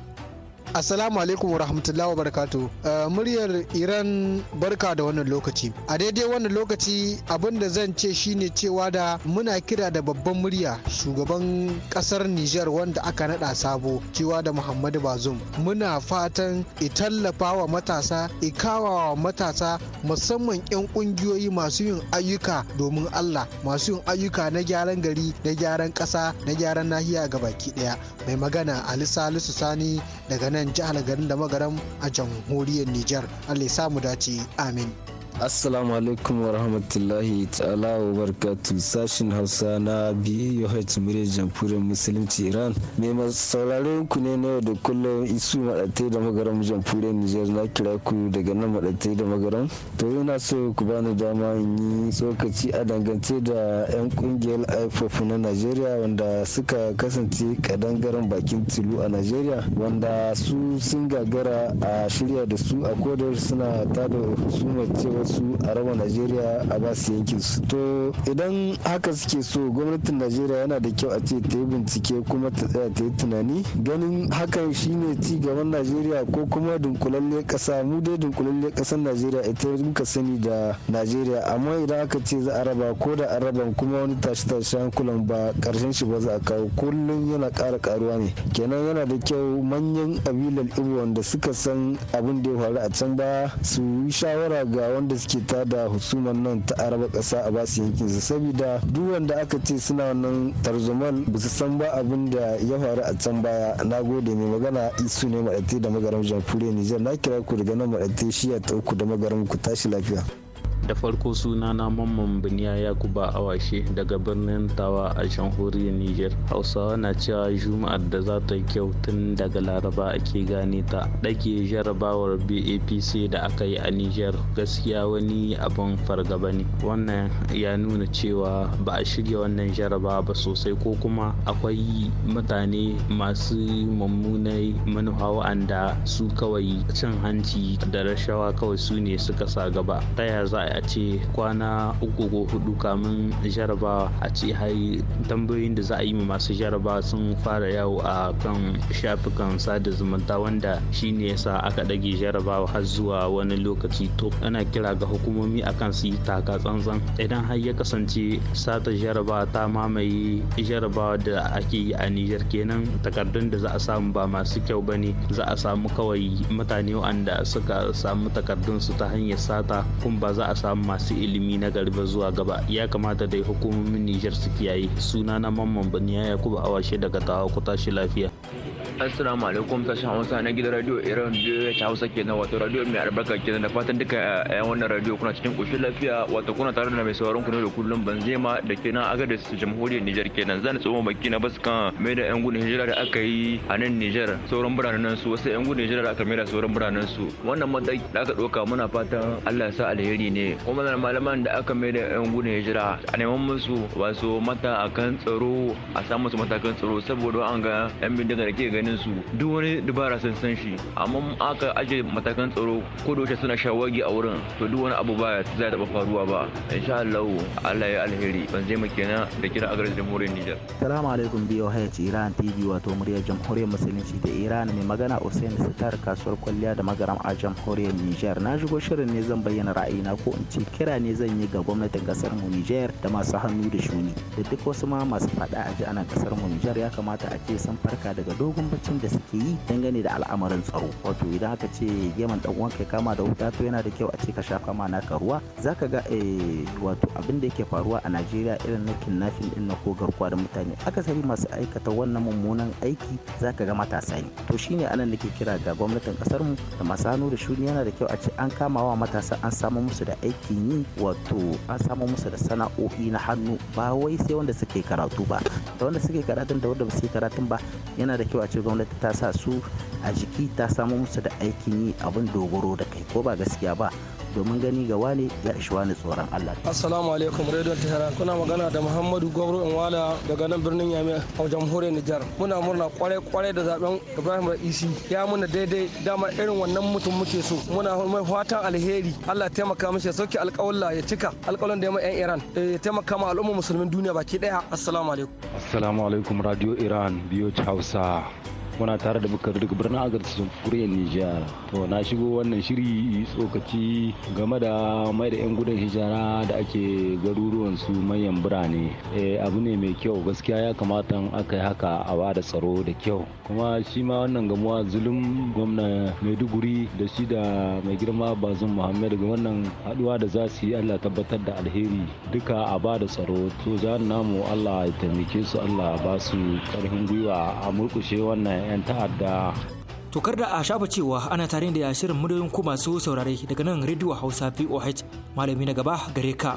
Assalamu alaikum wa rahmatullahi wa barakatu. Uh, muryar Iran barka da wannan lokaci. A daidai wannan lokaci abin da zan ce shine cewa da muna kira da babban murya shugaban kasar Nijar wanda aka nada sabo cewa da Muhammadu Bazum. Muna fatan i wa matasa, i wa matasa musamman 'yan kungiyoyi masu yin ayyuka domin Allah, masu yin ayyuka na gyaran gari, na gyaran ƙasa, na gyaran nahiya ga baki ɗaya. Mai magana Ali Salisu Sani daga nan nan jihar garin da magaram a jamhuriyar Nijar. Allah ya samu dace. Amin. Assalamu alaikum wa rahmatullahi ta'ala wa barkatu sashin Hausa na BOH Murya Jamhuriyar Musulunci Iran. Mai saurare ku ne na yau da kullum isu maɗatai da magaram Jamhuriyar Nijar na kira ku daga nan maɗatai da magaram. To yana so ku bani dama in yi tsokaci a dangance da 'yan ƙungiyar IFOF na Najeriya wanda suka kasance kadangaren bakin tulu a Najeriya wanda su sun gagara a shirya da su a kodar suna tada husumar cewa wasu a raba najeriya a ba yankin su to idan haka suke so gwamnatin najeriya yana da kyau a ce ta yi bincike kuma ta tsaya ta yi tunani ganin hakan shine ci gaban najeriya ko kuma dunkulalle kasa mu dai dunkulalle kasar najeriya ita muka sani da najeriya amma idan aka ce za a raba ko da an raba kuma wani tashi tashi hankulan ba karshen shi ba za a kawo kullum yana kara karuwa ne kenan yana da kyau manyan kabilan ibo wanda suka san abin da ya faru a can ba su yi shawara ga wanda wanda suke da husuman nan ta araba kasa a basu yankin su saboda duk wanda aka ce suna nan tarzoman ba su san ba abin da ya faru a can baya na gode mai magana isu ne maɗate da magaram jamhuriyar nijar na kira ku daga nan shi shiya ta uku da magaram ku tashi lafiya. da farko suna na mamman biniya yakuba awashe daga birnin tawa a jamhuriyar niger hausawa na cewa juma'ar da za ta kyau tun daga laraba ake gane ta ɗage jarabawar bapc da aka yi a niger gaskiya wani abin fargaba ne wannan ya nuna cewa ba a shirya wannan jaraba ba sosai ko kuma akwai mutane masu mummunai manufa wa'anda su kawai cin hanci da rashawa kawai su ne suka sa gaba ta za a a ce kwana uku ko hudu kamin jarabawa a ce har tambayoyin da za a yi ma masu jarabawa sun fara yawo a kan shafukan sada zumunta wanda shi shine yasa aka ɗage jarabawa har zuwa wani lokaci to ana kira ga hukumomi akan su yi taka tsantsan idan har ya kasance sata jarabawa ta mamaye jarabawa da ake yi a Nijar kenan takardun da za a samu ba masu kyau ba ne za a samu kawai mutane waanda suka samu takardun su ta hanyar sata kuma ba za a samun masu ilimi na garba zuwa gaba ya kamata dai hukumomin Nijar su kiyaye suna na mamman baniya Yakubu Awashe daga Tawa ku tashi lafiya. assalamu alaikum sashen hausa na gidan radio iran biyu ci hausa kenan wato radio mai albarka kenan da fatan duka eh, yan wannan radio kuna cikin koshin lafiya wato kuna tare da mai sauraron ku ne da kullum banzema da kenan su jamhuriyar nijar kenan zan tsoma baki na baskan mai da yan gudun hijira da aka yi a nan nijar sauran biranen su wasu yan gudun hijira da aka mai da sauran biranen su wannan mataki da aka ɗauka muna fatan allah ya sa alheri ne kuma da malaman da aka mai da yan gudun hijira a neman musu wasu mata akan tsaro a samu su matakan tsaro saboda an ga yan bindiga da ke ganin su duk wani dubara sun san shi amma aka aje matakan tsaro ko da suna shawagi a wurin to duk wani abu ba zai taba faruwa ba insha Allah Allah ya alheri ban zai kenan da kira a garin jamhuriyar Niger assalamu alaikum biyo hayat Iran TV wato muryar jamhuriyar musulunci da Iran mai magana Hussein Sitar kasuwar kwalliya da magaram a jamhuriyar Niger na shigo shirin ne zan bayyana ra'ayina ko in ce kira ne zan yi ga gwamnatin kasar mu Niger da masu hannu da shuni da duk wasu ma masu fada a ji ana kasar mu Niger ya kamata a ce sun farka daga dogon gangancin da suke yi dangane da al'amarin tsaro wato idan aka ce geman dan uwan ya kama da wuta to yana da kyau a ce ka shafa ma naka ruwa zaka ga eh, wato abin da yake faruwa a Najeriya irin na kidnapping din na ko garkuwa da mutane akasari masu aikata wannan mummunan aiki zaka ga matasa ne to shine anan nake kira ga gwamnatin kasar mu da masano da shuni yana da kyau a ce an kama wa matasa an samu musu da aikin yi wato an samu musu da sana'o'i na hannu ba wai sai wanda suke karatu ba da wanda suke karatun da wanda ba su karatun ba yana da kyau a ce gwamnati ta sa su a jiki ta samo musu da aikin yi abin dogoro da kai ko ba gaskiya ba domin gani ga wane ya shi wani tsoron Allah. Assalamu alaikum Radio Tehran kuna magana da Muhammadu Gwabro Inwala daga nan birnin Yamai a jamhuriyar Nijar. Muna murna kwarai kwarai da zaben Ibrahim Raisi ya muna daidai dama irin wannan mutum muke so. Muna mai fatan alheri Allah taimaka mishi ya sauke alƙawalla ya cika alƙawalan da ya mai 'yan Iran eh, ya taimaka ma al'ummar musulmin duniya baki daya. Assalamu alaikum. Assalamu alaikum Radio Iran biyo Hausa. muna tare da bukar duk birnin agar su gure nijar to na shigo wannan shiri tsokaci game da mai da yan gudan hijara da ake garuruwan su manyan birane eh, abu ne mai kyau gaskiya ya kamata aka yi haka a ba da tsaro da kyau kuma shi ma wannan gamuwa zulum gwamna maiduguri da shi da mai girma bazum muhammad ga wannan haduwa da za su yi allah tabbatar da alheri duka a ba da tsaro to za namu allah ya taimake su allah ba su karfin gwiwa a murkushe wannan 'yan ta'adda tokar da a shafa cewa ana tare da shirin muryoyin ku masu saurare daga nan rediyo hausa voh malami na gaba gare ka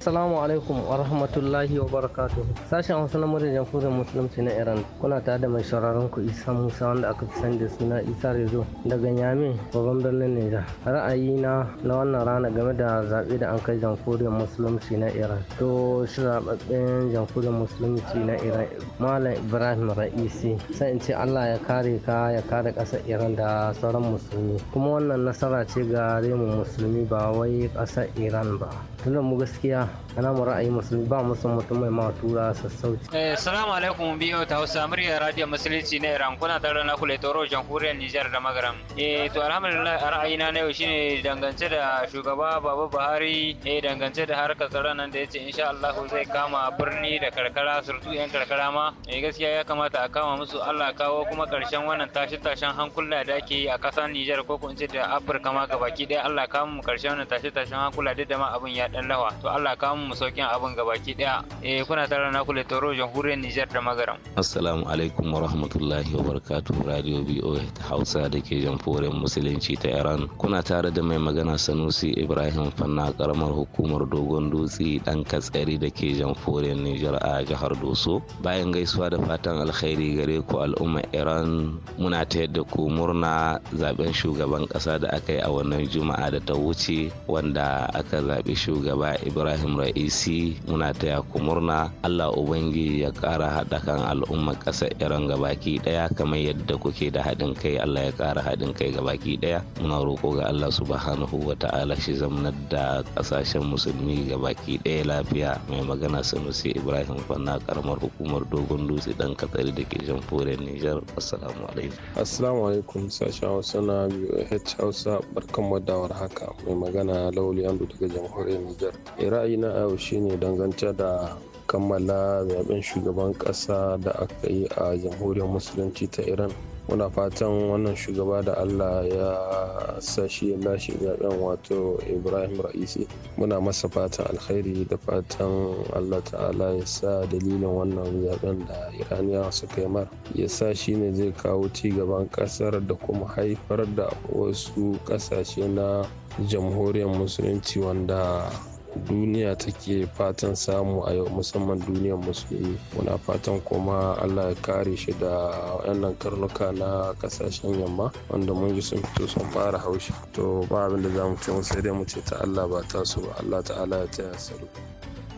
Assalamu alaikum wa rahmatullahi wa barakatuh. Sashen Hausa na muryar jamhuriyar Musulunci na Iran kuna tare da mai sauraron ku Isa Musa wanda aka fi sani da suna Isa Rezo daga Nyame babban birnin Nijar. Ra'ayina na wannan rana game da zaɓe da an kai jamhuriyar Musulunci na Iran. To shi zaɓaɓɓen jamhuriyar Musulunci na Iran Malam Ibrahim Ra'isi sai in ce Allah ya kare ka ya kare ƙasar Iran da sauran musulmi. Kuma wannan nasara ce ga mu musulmi ba wai ƙasar Iran ba. tunda mu gaskiya ana mu ra'ayi musulmi ba mu son mutum mai ma tura sassauci eh assalamu alaikum biyo ta Hausa murya radio musulunci na Iran kuna tare na kula toro jamhuriyar Nijar da Magaram eh to alhamdulillah ra'ayi na yau shine dangance da shugaba Baba Buhari eh dangance da harkar tsaron nan da yace insha Allah zai kama birni da karkara surtu yan karkara ma eh gaskiya ya kamata a kama musu Allah kawo kuma karshen wannan tashi-tashin hankula da ake yi a kasar Nijar ko kun ce da Afirka ma gabaki daya Allah kama mu karshen wannan tashi-tashin hankula duk da ma abin ya dan lawa to Allah ka mu saukin abin gabaki daya eh kuna tare na kula toro jamhuriyar Nijar da Magaram assalamu alaikum wa rahmatullahi wa barakatuh radio BOA ta Hausa da ke jamhuriyar musulunci ta Iran kuna tare da mai magana Sanusi Ibrahim Fanna karamar hukumar Dogon Dutse dan Katsari da ke jamhuriyar Niger a jihar Doso bayan gaisuwa da fatan alkhairi gare ku al'umma Iran muna ta yadda ku murna zaben shugaban kasa da aka yi a wannan juma'a da ta wuce wanda aka zaɓi shugaban shugaba ibrahim ra'isi muna taya ku murna allah ubangiji ya kara haɗa kan al'ummar kasa iran gabaki ɗaya kamar yadda kuke da haɗin kai allah ya kara haɗin kai gabaki ɗaya muna roƙo ga allah subhanahu wa ta'ala shi zamanar da ƙasashen musulmi gabaki ɗaya lafiya mai magana sanusi ibrahim fanna karamar hukumar dogon dutse ɗan katsari da ke jamhuriyar nijar assalamu alaikum sashen hausa na hausa barkan mu da haka mai magana lauli andu daga jamhuriyar Nijar. Ra'ayina a yau shine dangance da kammala zaben shugaban kasa da aka yi a jamhuriyar musulunci ta Iran muna fatan wannan shugaba da allah ya sashi ya lashe zaben wato ibrahim ra'isi muna masa fatan alkhairi da fatan allah ta'ala ya sa dalilin wannan zaben da iraniya suka yi mar ya sa shi ne zai kawo ci gaban kasar da kuma haifar da wasu ƙasashe na jamhuriyar musulunci wanda duniya take fatan samu a yau musamman duniyar musulmi muna fatan kuma allah ya kare shi da wayannan karnuka na kasashen yamma wanda mun ji sun fito sun fara haushi to ba abin da za mu ce sai dai mu ce ta allah ba tasu ba allah ta'ala ya taya salu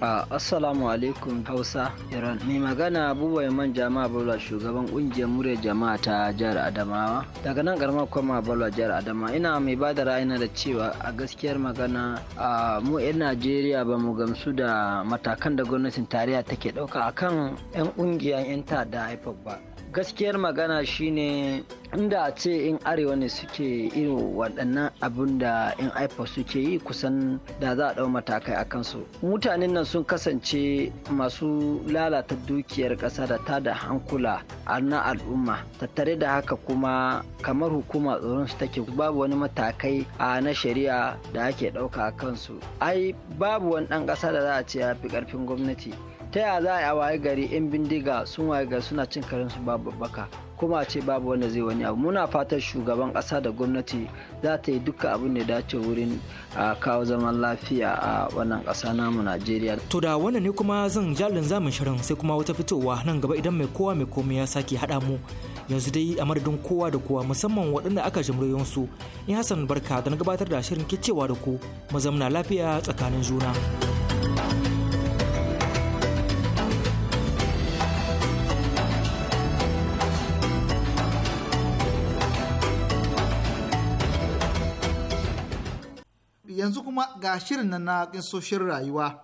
Assalamu alaikum Hausa Iran. Mai magana Abubuwa Man Jama'a Bala shugaban kungiyar murya jama'a ta jihar Adamawa. Daga nan karamar kwamma Bala jihar Adamawa ina mai ba da ra'ayina da cewa a gaskiyar magana a mu 'yan Najeriya ba mu gamsu da matakan da gwamnatin tarayya take ɗauka akan 'yan kungiyar 'yan da haifar ba. gaskiyar magana shine inda a ce in arewa ne suke irin waɗannan abin da in aifa suke yi kusan da za a ɗau matakai a kansu mutanen nan sun kasance masu lalata dukiyar ƙasa da ta da hankula na al'umma tattare da haka kuma kamar hukuma tsoron su take babu wani matakai a na shari'a da ake ɗauka a kansu ai babu wani ɗan ƙasa da za a ce ya fi ƙarfin gwamnati ta yaya za a waye gari in bindiga sun waye gari suna cin su babu baka kuma a ce babu wanda zai wani abu muna fatan shugaban kasa da gwamnati za ta yi duka abin da dace wurin a kawo zaman lafiya a wannan kasa namu najeriya to da wannan ne kuma zan jalin zamin shirin sai kuma wata fitowa nan gaba idan mai kowa mai komai ya sake haɗa mu yanzu dai a madadin kowa da kowa musamman waɗanda aka jimriyon su in hassan barka da na gabatar da shirin kicewa da ku mu zamna lafiya tsakanin juna. yanzu kuma ga shirin nan na kinsoshin rayuwa.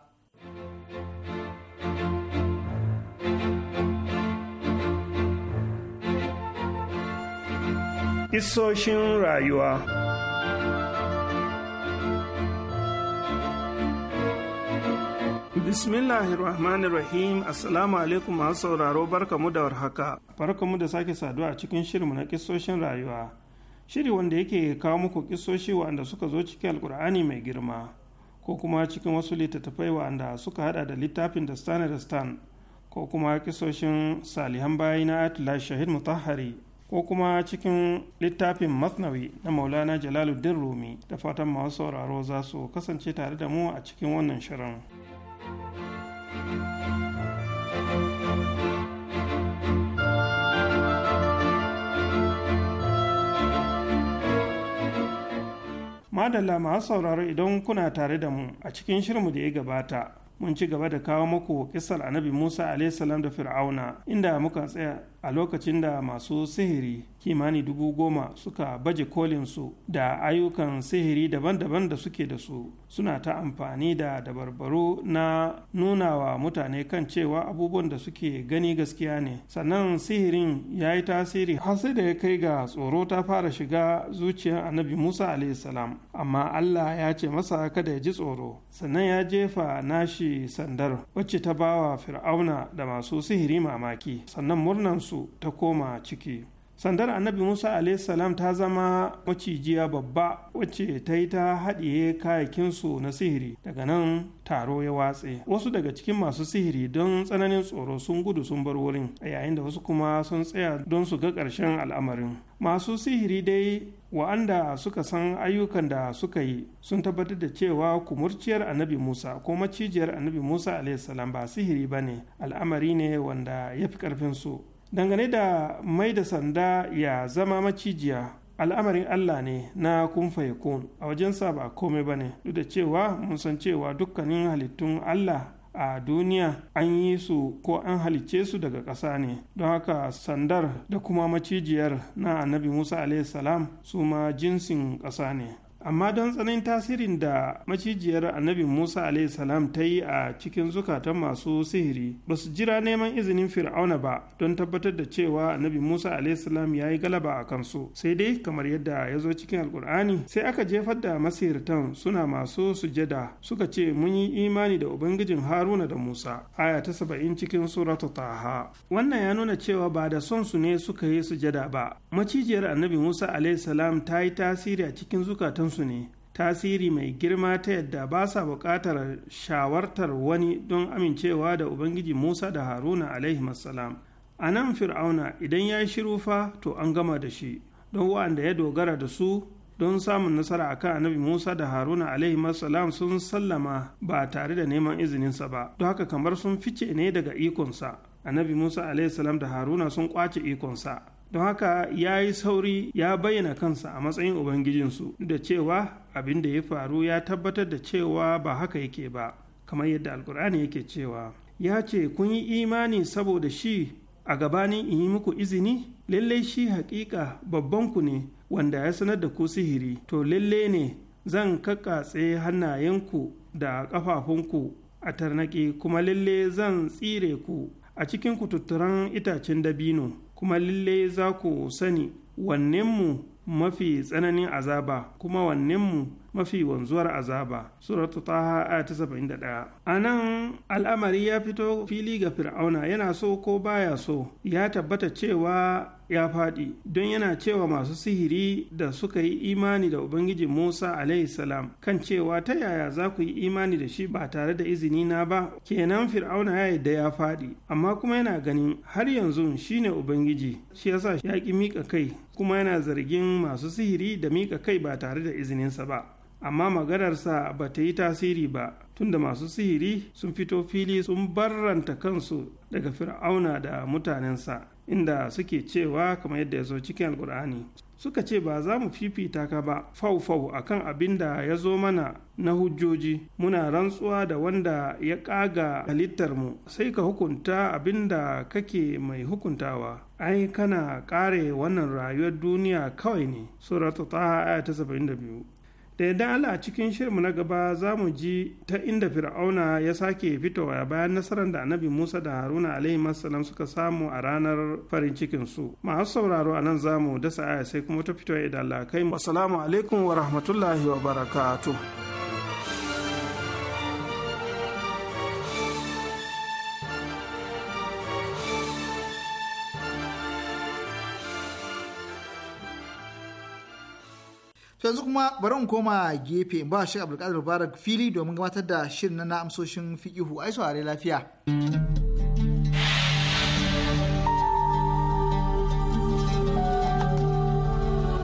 Isoshin rayuwa Rahim Assalamu alaikum masu sauraro barkamu da warhaka. Barkamu da sake saduwa a cikin shirinmu na kisoshin rayuwa. shiri wanda yake kawo muku kisoshi wa'anda suka zo cikin alkur'ani mai girma ko kuma cikin wasu littattafai wanda suka hada da littafin da stan da stan ko kuma kisoshin salihan bayi na atlas shahid mutahari ko kuma cikin littafin masnawi na maulana jalaluddin rumi da fatan masu sauraro za su kasance tare da mu a cikin wannan shirin. madalla masu sauraro idan kuna tare da mu a cikin shirinmu da ya gabata mun ci gaba da kawo muku kisar annabi musa salam da fir'auna inda muka tsaya a lokacin da masu sihiri kimani dubu goma suka baje kolinsu da ayyukan sihiri daban-daban da suke da su suna ta amfani da dabarbaru na nunawa mutane kan cewa abubuwan da suke gani gaskiya ne sannan sihirin ya yi tasiri har sai da ya kai ga tsoro ta fara shiga zuciyar annabi musa salam amma allah ya ce masa kada ya ji tsoro sannan ya jefa nashi sandar wacce ta bawa fir'auna da masu sihiri mamaki sannan murnansu ta koma ciki sandar annabi musa salam ta zama macijiya babba wacce ta yi ta haɗiye kayakinsu na sihiri daga nan taro ya watse wasu daga cikin masu sihiri don tsananin tsoro sun gudu sun bar wurin a yayin da wasu kuma sun tsaya don su ga ƙarshen al'amarin masu sihiri dai wa'anda suka san ayyukan da suka yi sun tabbatar da cewa kumurciyar annabi musa ko macijiyar annabi musa salam ba sihiri ba ne al'amari ne wanda ya fi ƙarfinsu dangane da mai da sanda ya zama macijiya al'amarin Allah ne na kunfa ya kun a wajensa ba komai ba ne duk da cewa mun san cewa dukkanin halittun Allah a duniya an yi su ko an halicce su daga ƙasa ne don haka sandar da kuma macijiyar na annabi musa salam su ma jinsin ƙasa ne amma don tsanin tasirin da macijiyar annabi musa salam ta yi a cikin zukatan masu sihiri ba su jira neman izinin fir'auna ba don tabbatar da cewa annabi musa salam ya yi galaba a kansu sai dai kamar yadda ya zo cikin alkur'ani sai aka jefar da masihirtan suna masu sujada suka ce mun yi imani da ubangijin haruna da musa aya ta saba'in cikin suratu taha wannan ya nuna cewa ba da son su ne suka yi sujada ba macijiyar annabi musa salam ta yi tasiri a cikin zukatansu musu ne tasiri mai girma ta yadda ba sa buƙatar shawartar wani don amincewa da ubangiji musa da haruna alaihi a nan fir'auna idan ya shiru fa to an gama da shi don wa'anda ya dogara da su don samun nasara akan annabi musa da haruna alaihi sun sallama ba tare da neman izininsa ba don haka kamar sun fice ne daga ikonsa annabi musa alaihi da haruna sun kwace ikonsa don haka ya yi sauri ya bayyana kansa a matsayin ubangijinsu da cewa abin da ya faru ya tabbatar da cewa ba haka yake ba kamar yadda alkur'ani yake cewa ya ce kun yi imani saboda shi a gabanin in yi muku izini lallai shi hakika babban ku ne wanda ya sanar da ku sihiri to lalle ne zan kakkatse hannayenku da ƙafafunku a tarnaƙi kuma lalle zan tsire ku a cikin kututturan itacen dabino kuma Lille, za ku sani wannenmu mafi tsananin azaba kuma wannenmu mafi wanzuwar azaba suratu taha a ta saba'in da ɗaya a nan al'amari ya fito fili ga fir'auna yana so ko baya so ya tabbata cewa ya faɗi don yana cewa masu sihiri da suka yi imani da ubangiji musa salam kan cewa ta yaya za ku yi imani da shi ba tare da izini na ba kenan fir'auna ya yadda ya faɗi amma kuma yana ganin har yanzu shine ubangiji shi yasa ya ƙi miƙa kai kuma yana zargin masu sihiri da miƙa kai ba tare da izininsa ba amma maganarsa ba ta yi tasiri ba tunda masu sihiri sun fito fili sun barranta kansu daga fir'auna da mutanensa inda suke cewa kamar yadda ya zo cikin alkur'ani suka ce ba za mu fifita ka ba fau-fau a kan abin da ya zo mana na hujjoji muna rantsuwa da wanda ya ƙaga halittarmu sai ka hukunta abin da kake mai hukuntawa ai kana kare wannan rayuwar duniya kawai ne suratu ta aya ta 72 da yadda Allah cikin shirmu na gaba za mu ji ta inda fir'auna ya sake fitowa bayan nasarar da annabi musa da haruna alaihi masalam suka samu a ranar farin cikin su masu sauraro a nan za mu dasa aya sai kuma ta fitowa idan Allah kai mu assalamu alaikum wa rahmatullahi wa barakatuh yanzu kuma bari in koma gefe ba shi abdulkadir mubarak fili domin gabatar da shirin na amsoshin fikihu ai saurare lafiya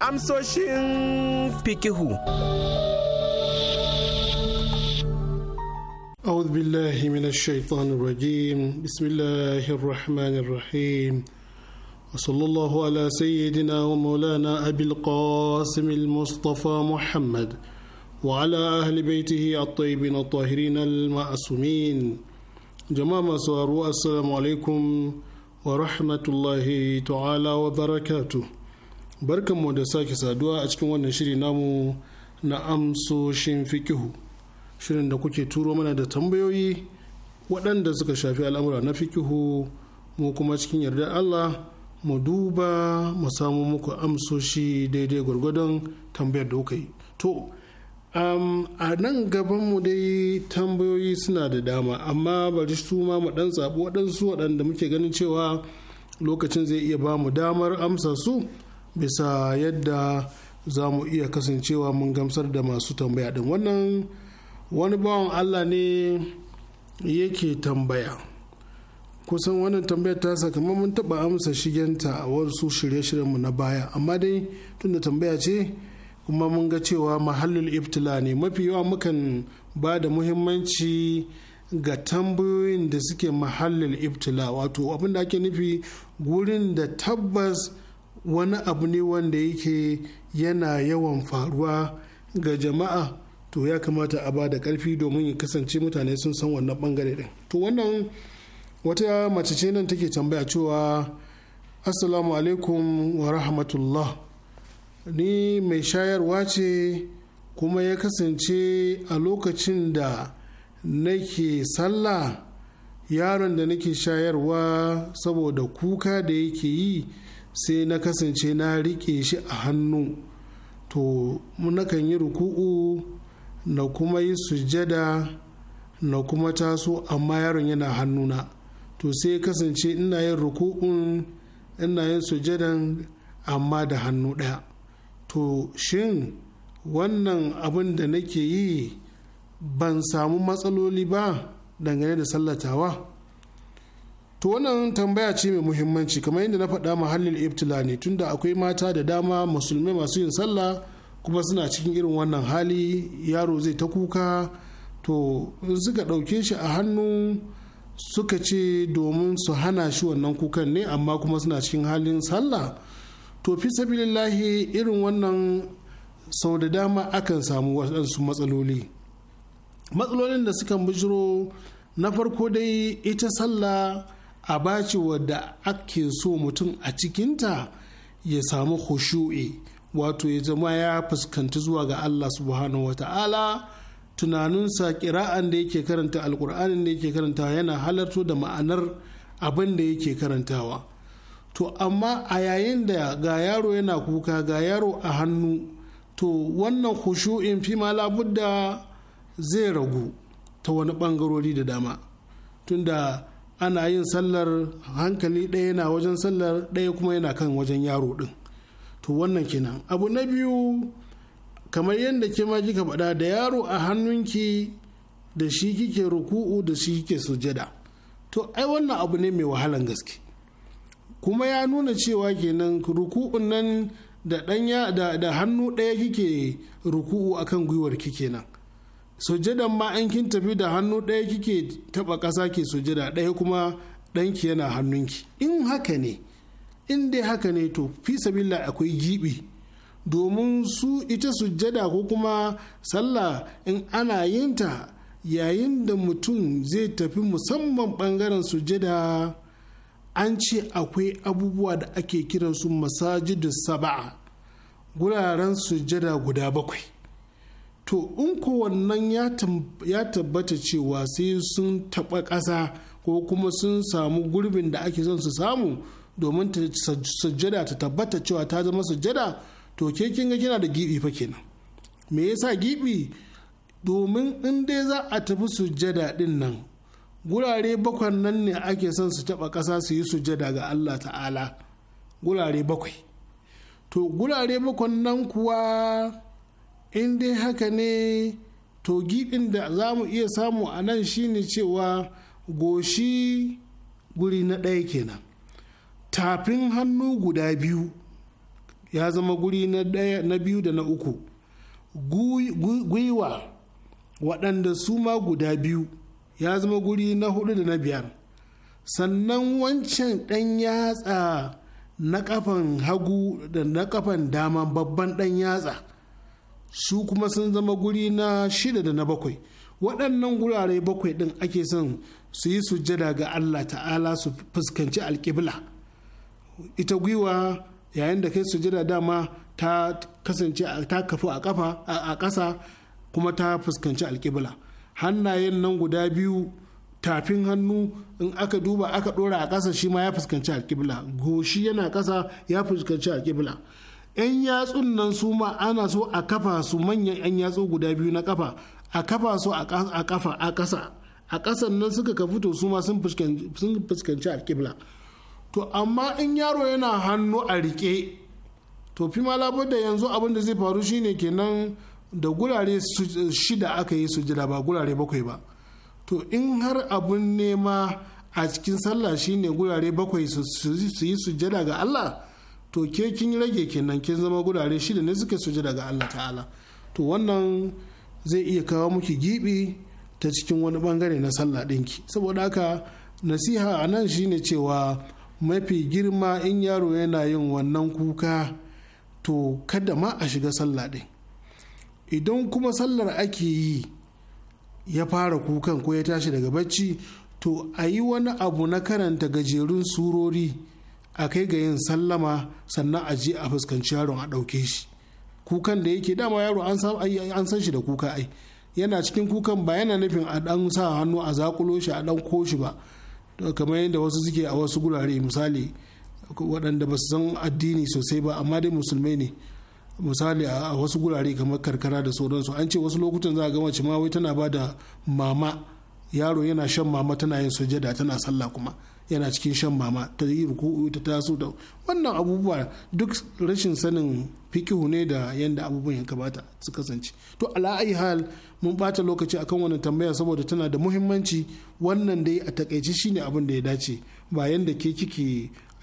amsoshin fikihu أعوذ بالله من الشيطان الرجيم بسم الله الرحمن الرحيم وصلى الله على سيدنا ومولانا أبي القاسم المصطفى محمد وعلى أهل بيته الطيبين الطاهرين المعصومين جماعة سوارو السلام عليكم ورحمة الله تعالى وبركاته barkan mu da sake saduwa a cikin wannan shiri namu na amsoshin fikihu shirin da kuke turo mana da tambayoyi waɗanda suka shafi al'amura na fikihu mu kuma cikin yarda Allah mu duba mu samu muku amsoshi daidai gwargwadon tambayar da kuka yi to um, a nan gabanmu dai tambayoyi suna da dama amma bari su ma mu dan zaɓi waɗansu waɗanda muke ganin cewa lokacin zai iya ba mu damar amsa su bisa yadda za mu iya kasancewa mun gamsar da masu tambaya ɗin wannan wani bawan allah ne yake tambaya kusan wannan tambayar ta kamar mun taba amsa shigenta a wasu shirye-shiryenmu na baya amma dai tunda tambaya ce kuma mun ga cewa mahallul ibtila ne mafi yawa mukan ba da muhimmanci ga tambayoyin da suke mahallul iftila wato abin da ake nufi gurin da tabbas wani abu ne wanda yake yana yawan faruwa ga jama'a to ya kamata a ba da karfi domin ya kasance mutane sun san wannan bangare din to wannan wata mace ce nan take tambaya cewa assalamu alaikum wa rahmatullah ni mai shayarwa ce kuma ya kasance a lokacin da nake sallah yaron da nake shayarwa saboda kuka da yake yi sai na kasance na rike shi a hannu to nakan yi ruku'u na kuma yi sujada na kuma taso amma yaron yana hannuna to sai kasance ina yin ruku'un ina yin sujadan amma da hannu ɗaya to shin wannan abin da nake yi ban samu matsaloli ba dangane da sallatawa to wannan tambaya ce mai muhimmanci kamar yadda na faɗa mahallin iftila ne tunda akwai mata da dama musulmi masu yin sallah kuma suna cikin irin wannan hali yaro zai ta kuka to suka ɗauke shi a hannu suka ce domin su hana shi wannan kukan ne amma kuma suna cikin halin sallah to fi sabilillahi irin wannan sau da dama akan samu waɗansu matsaloli matsalolin da suka bujiro na farko dai ita sallah a baci wadda ake so mutum a cikinta ya samu khushu'i wato ya zama ya fuskanci zuwa ga allah subhanahu wa ta'ala tunaninsa kira'an da yake karanta alkur'anin da yake karantawa yana halarto da ma'anar abin da yake karantawa to amma a yayin da ga yaro yana kuka ga yaro a hannu to wannan khushu'in fi ma labudda zai ragu ta wani bangarori da dama tunda ana yin sallar hankali ɗaya yana wajen sallar ɗaya kuma yana kan wajen yaro ɗin to wannan kenan abu na biyu kamar yadda ke ma kika faɗa da yaro a hannunki da shi kike ruku'u da shi kike sujada to ai wannan abu ne mai wahalan gaske kuma ya nuna cewa kenan ruku'un nan da ɗanya da, hannu ɗaya kike ruku'u akan gwiwar kike nan sujadan ma an kin tafi da hannu ɗaya kike taɓa ƙasa ke sujada ɗaya kuma ɗanki yana hannunki in haka ne in dai haka ne to fi sabila akwai giɓi. domin su ita sujjada ko kuma sallah in ana yin ta yayin da mutum zai tafi musamman ɓangaren sujjada an ce akwai abubuwa da ake kiransu masajidu saba'a guraren sujjada guda bakwai to in ko wannan ya tabbata cewa sai sun taɓa ƙasa ko kuma sun samu gurbin da ake son su samu domin sujjada ta tabbata cewa ta zama sujjada to ke kin ga kina da gibi fa kenan me yasa gibi domin in dai za a tafi sujjada din nan gurare bakwan nan ne ake son su taba ƙasa su yi sujjada ga Allah ta'ala gurare bakwai to gurare bakwan nan kuwa in dai haka ne to gibin da za mu iya samu a nan shine cewa goshi guri na ɗaya kenan tafin hannu guda biyu ya zama guri na ɗaya na biyu da na uku gwiwa waɗanda su ma guda biyu ya zama guri na hudu da na biyar sannan wancan ɗan yatsa na kafan hagu da na kafan dama babban ɗan yatsa su kuma sun zama guri na shida da na bakwai waɗannan gurare bakwai ɗin ake son su yi sujjada ga Allah ta'ala su fuskanci alƙibla ita gwiwa yayin da kai sujada dama ta kasance ta kafu a kafa a ƙasa kuma ta fuskanci alƙibla hannayen nan guda biyu tafin hannu in aka duba aka ɗora a ƙasa shi ma ya fuskanci alƙibla goshi yana ƙasa ya fuskanci alƙibla 'yan yatsun nan su ma ana so a kafa su manyan 'yan yatsu guda biyu na kafa a kafa su a kafa a ƙasa a ƙasan nan suka ka fito su ma sun fuskanci alƙibla to amma in yaro yana hannu a rike to fi da yanzu abin da zai faru shine kenan da gurare shida aka yi su jira ba gurare bakwai ba to in har abun nema a cikin sallah shine gurare bakwai su yi sujada ga Allah to ke kin rage kenan kin zama gurare shida ne suka sujada ga Allah ta'ala to wannan zai iya kawo miki gibi ta cikin wani bangare na sallah ɗinki saboda haka nasiha anan nan shine cewa mafi girma in yaro yana yin wannan kuka to kada ma a shiga sallah ɗin idan kuma sallar ake yi ya fara kukan ko ya tashi daga bacci to a yi wani abu na karanta gajerun surori a kai ga yin sallama sannan a je a fuskanci yaron a ɗauke shi kukan da yake dama yaro an san shi da kuka ai yana cikin kukan ba yana nufin a ɗan sa hannu a zakulo shi a ɗan shi ba kamar yadda wasu suke a wasu gurare misali waɗanda ba su san addini sosai ba amma dai musulmai ne misali a wasu gurare kamar karkara da sauransu an ce wasu lokutan za a ga mace wai tana ba da mama yaro yana shan mama tana yin sujada tana sallah kuma yana cikin shan mama ta yi ruku'u ta taso da wannan abubuwa duk rashin sanin fikihu ne da yadda abubuwan ya kamata su kasance to ala hal mun bata lokaci akan wannan tambaya saboda tana da muhimmanci wannan dai a takaice shine abin da ya dace ba yanda ke kike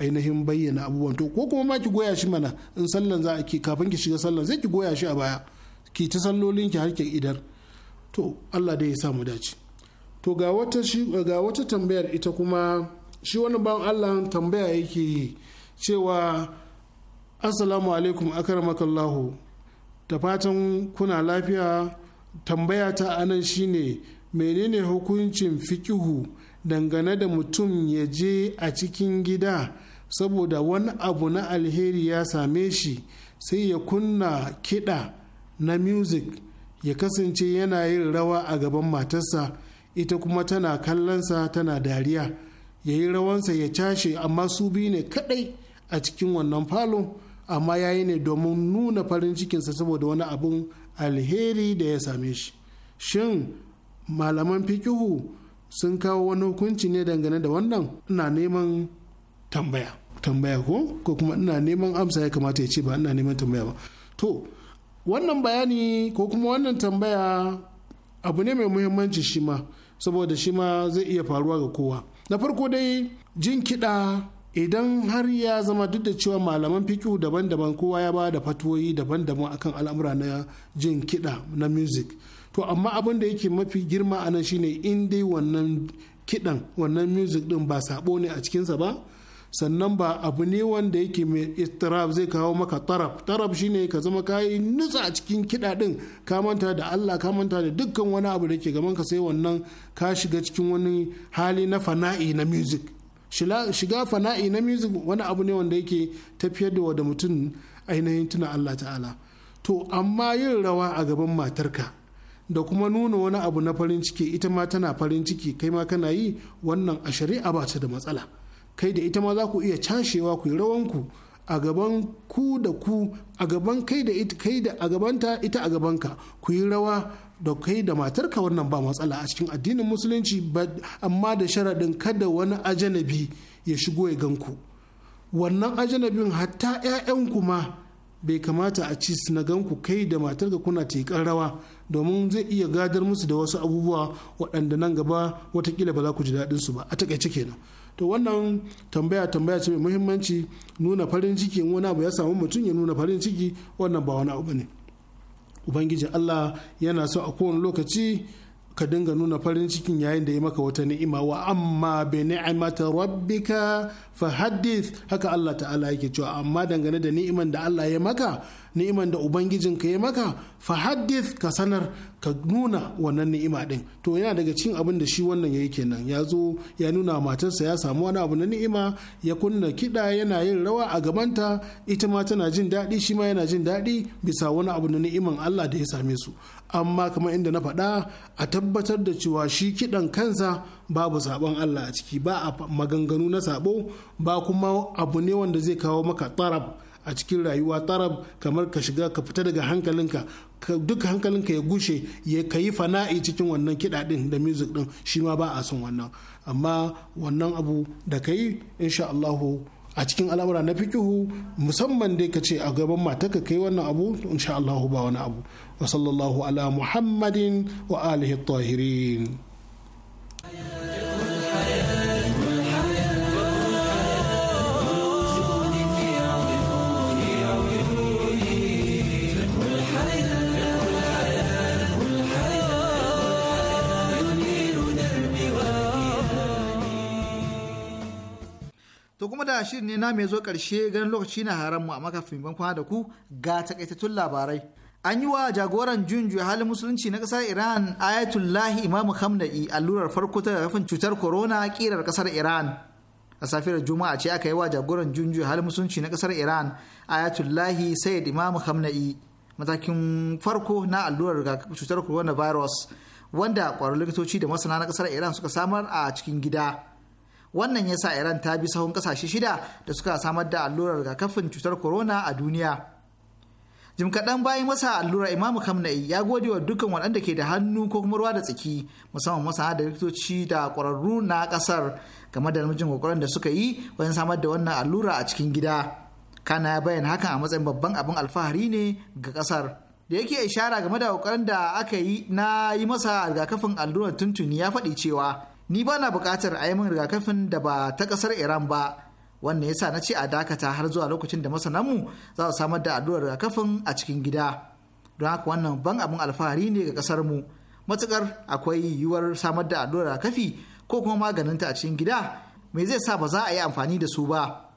ainihin bayyana abubuwan to ko kuma ma ki goya shi mana in sallan za a ki kafin ki shiga sallan zai ki goya shi a baya ki ta sallolin ki har ki idar to Allah dai ya sa mu dace to ga wata shi ga wata tambayar ita kuma shi wani ban Allah tambaya yake cewa assalamu alaikum akramakallahu da fatan kuna lafiya tambaya ta anan shine menene hukuncin fikihu dangane da mutum ya je a cikin gida saboda wani abu na alheri ya same shi sai ya kunna kiɗa na music ya kasance yana yin rawa a gaban matarsa ita kuma tana kallonsa tana dariya ya yi rawansa ya cashe amma su biyu ne kaɗai a cikin wannan falo amma ya yi ne domin nuna farin cikinsa saboda wani abun alheri da ya same shi shin malaman fikihu sun kawo wani hukunci ne dangane da wannan ina neman tambaya tambaya ko ko kuma ina neman amsa ya kamata ya ce ba ina neman tambaya ba to wannan bayani ko kuma wannan tambaya abu ne mai muhimmanci shima saboda shima zai iya faruwa ga kowa na farko dai jin kiɗa idan har ya zama duk da cewa malaman fikihu daban-daban kowa ya ba da fatuwoyi daban-daban akan al'amura na jin kiɗa na music to amma abin da yake mafi girma a nan shine in dai wannan kiɗan wannan music din ba sabo ne a cikinsa ba sannan ba abu ne wanda yake mai istirab zai kawo maka tarab tarab shine ka zama ka yi nutsa a cikin kiɗa din ka manta da Allah ka manta da dukkan wani abu da ke gaban ka sai wannan ka shiga cikin wani hali na fana'i na music shiga fana'i na music wani abu ne wanda yake tafiyar da wada mutum ainihin tuna Allah ta'ala to amma yin rawa a gaban matarka da kuma nuna wani abu na farin ciki ita ma tana farin ciki kai ma kana yi wannan a shari'a ba ta da matsala kai da ita ma za ku iya cashewa ku yi rawanku a gaban ku da ku a gaban kai da ita a gabanta ita gabanka ku yi rawa da kai da matarka wannan ba matsala a cikin addinin musulunci amma da sharaɗin kada wani ajanabi ya shigo ya ganku wannan ajanabin hatta yayan ku ma bai kamata a ci na ganku kai da matarka kuna teƙar rawa domin zai iya gadar musu da wasu abubuwa waɗanda nan gaba watakila ba za ku ji daɗin su ba a takaice kenan to wannan tambaya tambaya ce mai muhimmanci nuna farin ciki wani abu ya samu mutum ya nuna farin ciki wannan ba wani abu ne ubangiji Allah yana so a kowane lokaci ka dinga nuna farin cikin yayin da ya maka wata ni'ima wa amma bi ni'mata rabbika fa hadith haka Allah ta'ala yake cewa amma dangane da ni'iman da Allah ya maka ni'iman da ubangijinka ya maka fa hadith ka sanar ka nuna wannan ni'ima din to yana daga cikin abin da shi wannan yayi kenan ya zo ya nuna matarsa ya samu wani abu na ni'ima ya kunna kiɗa yana yin rawa a gabanta ita ma tana jin daɗi shi ma yana jin daɗi bisa wani abu na ni'iman Allah da ya same su amma kamar inda na faɗa a tabbatar da cewa shi kiɗan kansa babu sabon Allah a ciki ba a maganganu na sabo ba kuma abu ne wanda zai kawo maka tsarab a cikin rayuwa tarab kamar ka shiga ka fita daga hankalinka duka hankalinka ya gushe ya kayi fana'i cikin wannan kiɗa ɗin da music ɗin shi ma ba a son wannan amma wannan abu da ka yi insha Allahu a cikin al'amura na fikihu musamman dai ka ce a gaban ka kai wannan abu insha Allahu ba wani abu wa sallallahu ala muhammadin wa alihi tahirin To kuma da shirin ne na mai zo ƙarshe ganin lokaci na haram mu a makafin ban kwana da ku ga takaitattun labarai. An yi wa jagoran junju halin musulunci na ƙasar Iran Ayatullahi Imam Hamda'i allurar farko ta rafin cutar corona ƙirar ƙasar Iran. A safiyar Juma'a ce aka yi wa jagoran junju halin musulunci na ƙasar Iran Ayatullahi Sayyid Imam Hamda'i matakin farko na allurar rigakafin cutar corona virus, wanda ƙwararrun likitoci da masana na ƙasar Iran suka samar a cikin gida. wannan ya sa iran ta bi sahun kasashe shida da suka samar da allurar rigakafin cutar corona a duniya jim kaɗan bayan masa allura imamu kamna'i ya gode wa dukkan waɗanda ke da hannu ko kuma ruwa da tsaki musamman masana da likitoci da ƙwararru na ƙasar game da namijin ƙoƙarin da suka yi wajen samar da wannan allura a cikin gida kana ya bayyana hakan a matsayin babban abin alfahari ne ga ƙasar da yake ishara game da ƙoƙarin da aka yi na yi masa rigakafin allurar tuntuni ya faɗi cewa ni ba na buƙatar a yi min rigakafin da ba ta ƙasar iran ba wannan yasa na ce a dakata har zuwa lokacin da masananmu za su samar da allurar rigakafin a cikin gida don haka wannan ban abin alfahari ne ga ƙasar mu matukar akwai yiwuwar samar da allurar rigakafi ko kuma maganin ta a cikin gida me zai sa ba za a yi amfani da su ba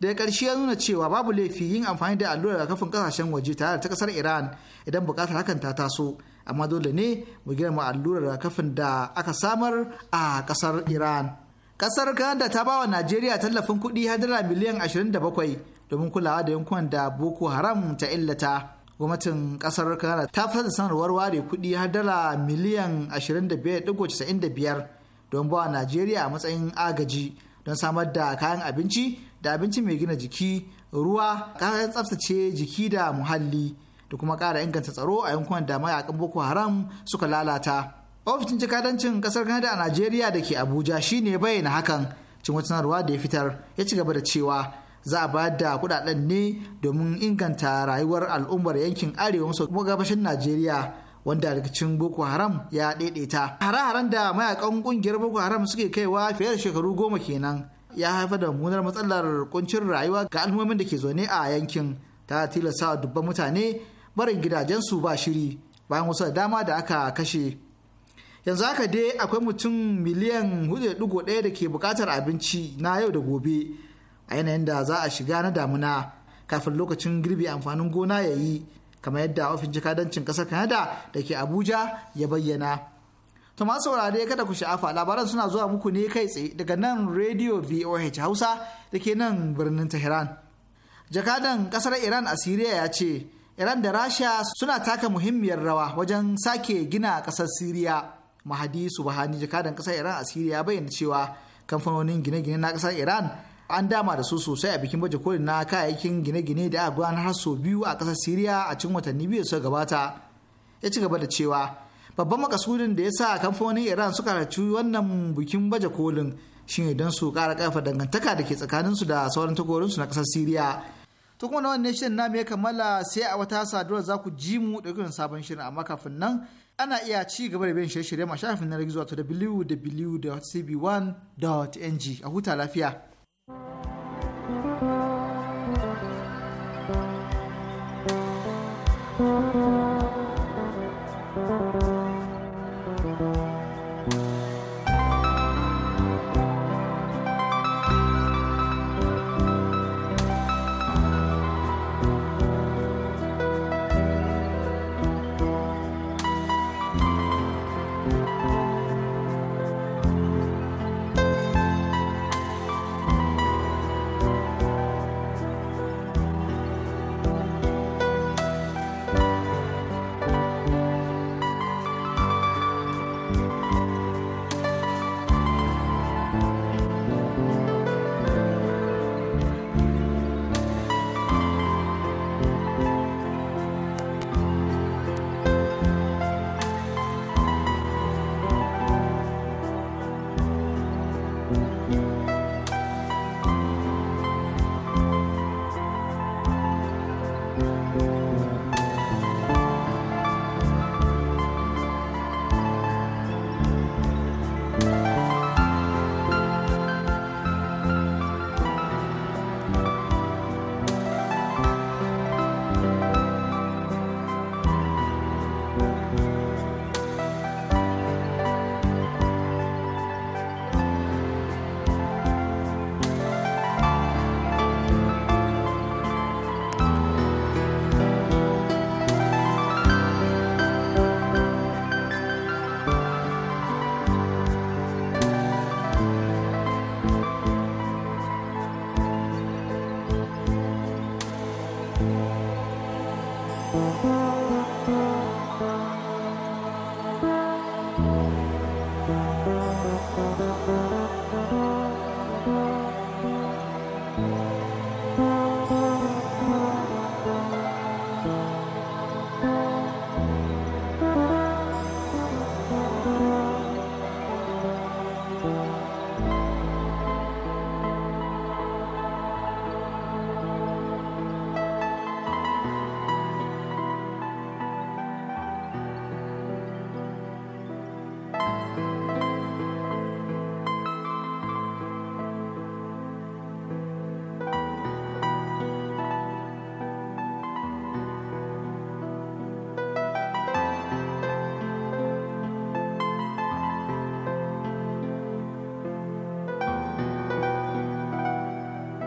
daga ƙarshe ya nuna cewa babu laifi yin amfani da allurar rigakafin ƙasashen waje tare da ta ƙasar iran idan buƙatar hakan ta taso amma dole ne mu gina mu allurar kafin da aka samar a kasar iran kasar kanada ta bawa najeriya tallafin kuɗi hadira miliyan 27 domin kulawa da yankunan da boko haram ta illata gwamnatin kasar kanada ta fasa sanarwar ware kuɗi hadira miliyan 25.95 don bawa najeriya a matsayin agaji don samar da kayan abinci da abinci mai gina jiki ruwa kayan tsaftace jiki da muhalli da kuma ƙara inganta tsaro a yankunan da mayakan boko haram suka lalata ofishin jikadancin ƙasar canada a najeriya da ke abuja shine bayyana hakan cin wata sanarwa da ya fitar ya ci gaba da cewa za a bayar da kudaden ne domin inganta rayuwar al'ummar yankin arewa maso gabashin najeriya wanda rikicin boko haram ya daidaita hare-haren da mayakan kungiyar boko haram suke kaiwa fiye da shekaru goma kenan ya haifar da mummunar matsalar kuncin rayuwa ga al'ummomin da ke zaune a yankin ta tilasta dubban mutane barin gidajensu ba shiri bayan wasu da dama da aka kashe yanzu haka dai akwai mutum miliyan 4.1 da ke bukatar abinci na yau da gobe a yanayin da za a shiga na damuna kafin lokacin girbi amfanin gona ya yi kamar yadda ofin jikadancin kasar kanada da ke abuja ya bayyana to masu saurare kada ku sha'afa labaran suna zuwa muku ne kai tsaye daga nan radio voh hausa da ke nan birnin tehran jakadan kasar iran a siriya ya ce Iran da Rasha suna taka muhimmiyar rawa wajen sake gina ƙasar Siriya. Mahadi Subhani jakadan ƙasar Iran a Siriya bayyana cewa kamfanonin gine-gine na ƙasar Iran an dama da su sosai a bikin baje kolin na kayayyakin gine-gine da aka gudanar har sau biyu a ƙasar Siriya a cikin watanni biyu suka gabata. Ya ci gaba da cewa babban makasudin da ya sa kamfanonin Iran suka halarci wannan bikin baje kolin shine don su ƙara ƙarfa dangantaka da ke tsakaninsu da sauran takwarorinsu na ƙasar Siriya. to kuma na wannan shirin na ya kammala sai a wata saduwar za ku ji mu da irin sabon shirin amma kafin nan ana iya ci gaba da bin shirye-shirye a shafin na gizo wato www.cb1.ng a huta lafiya.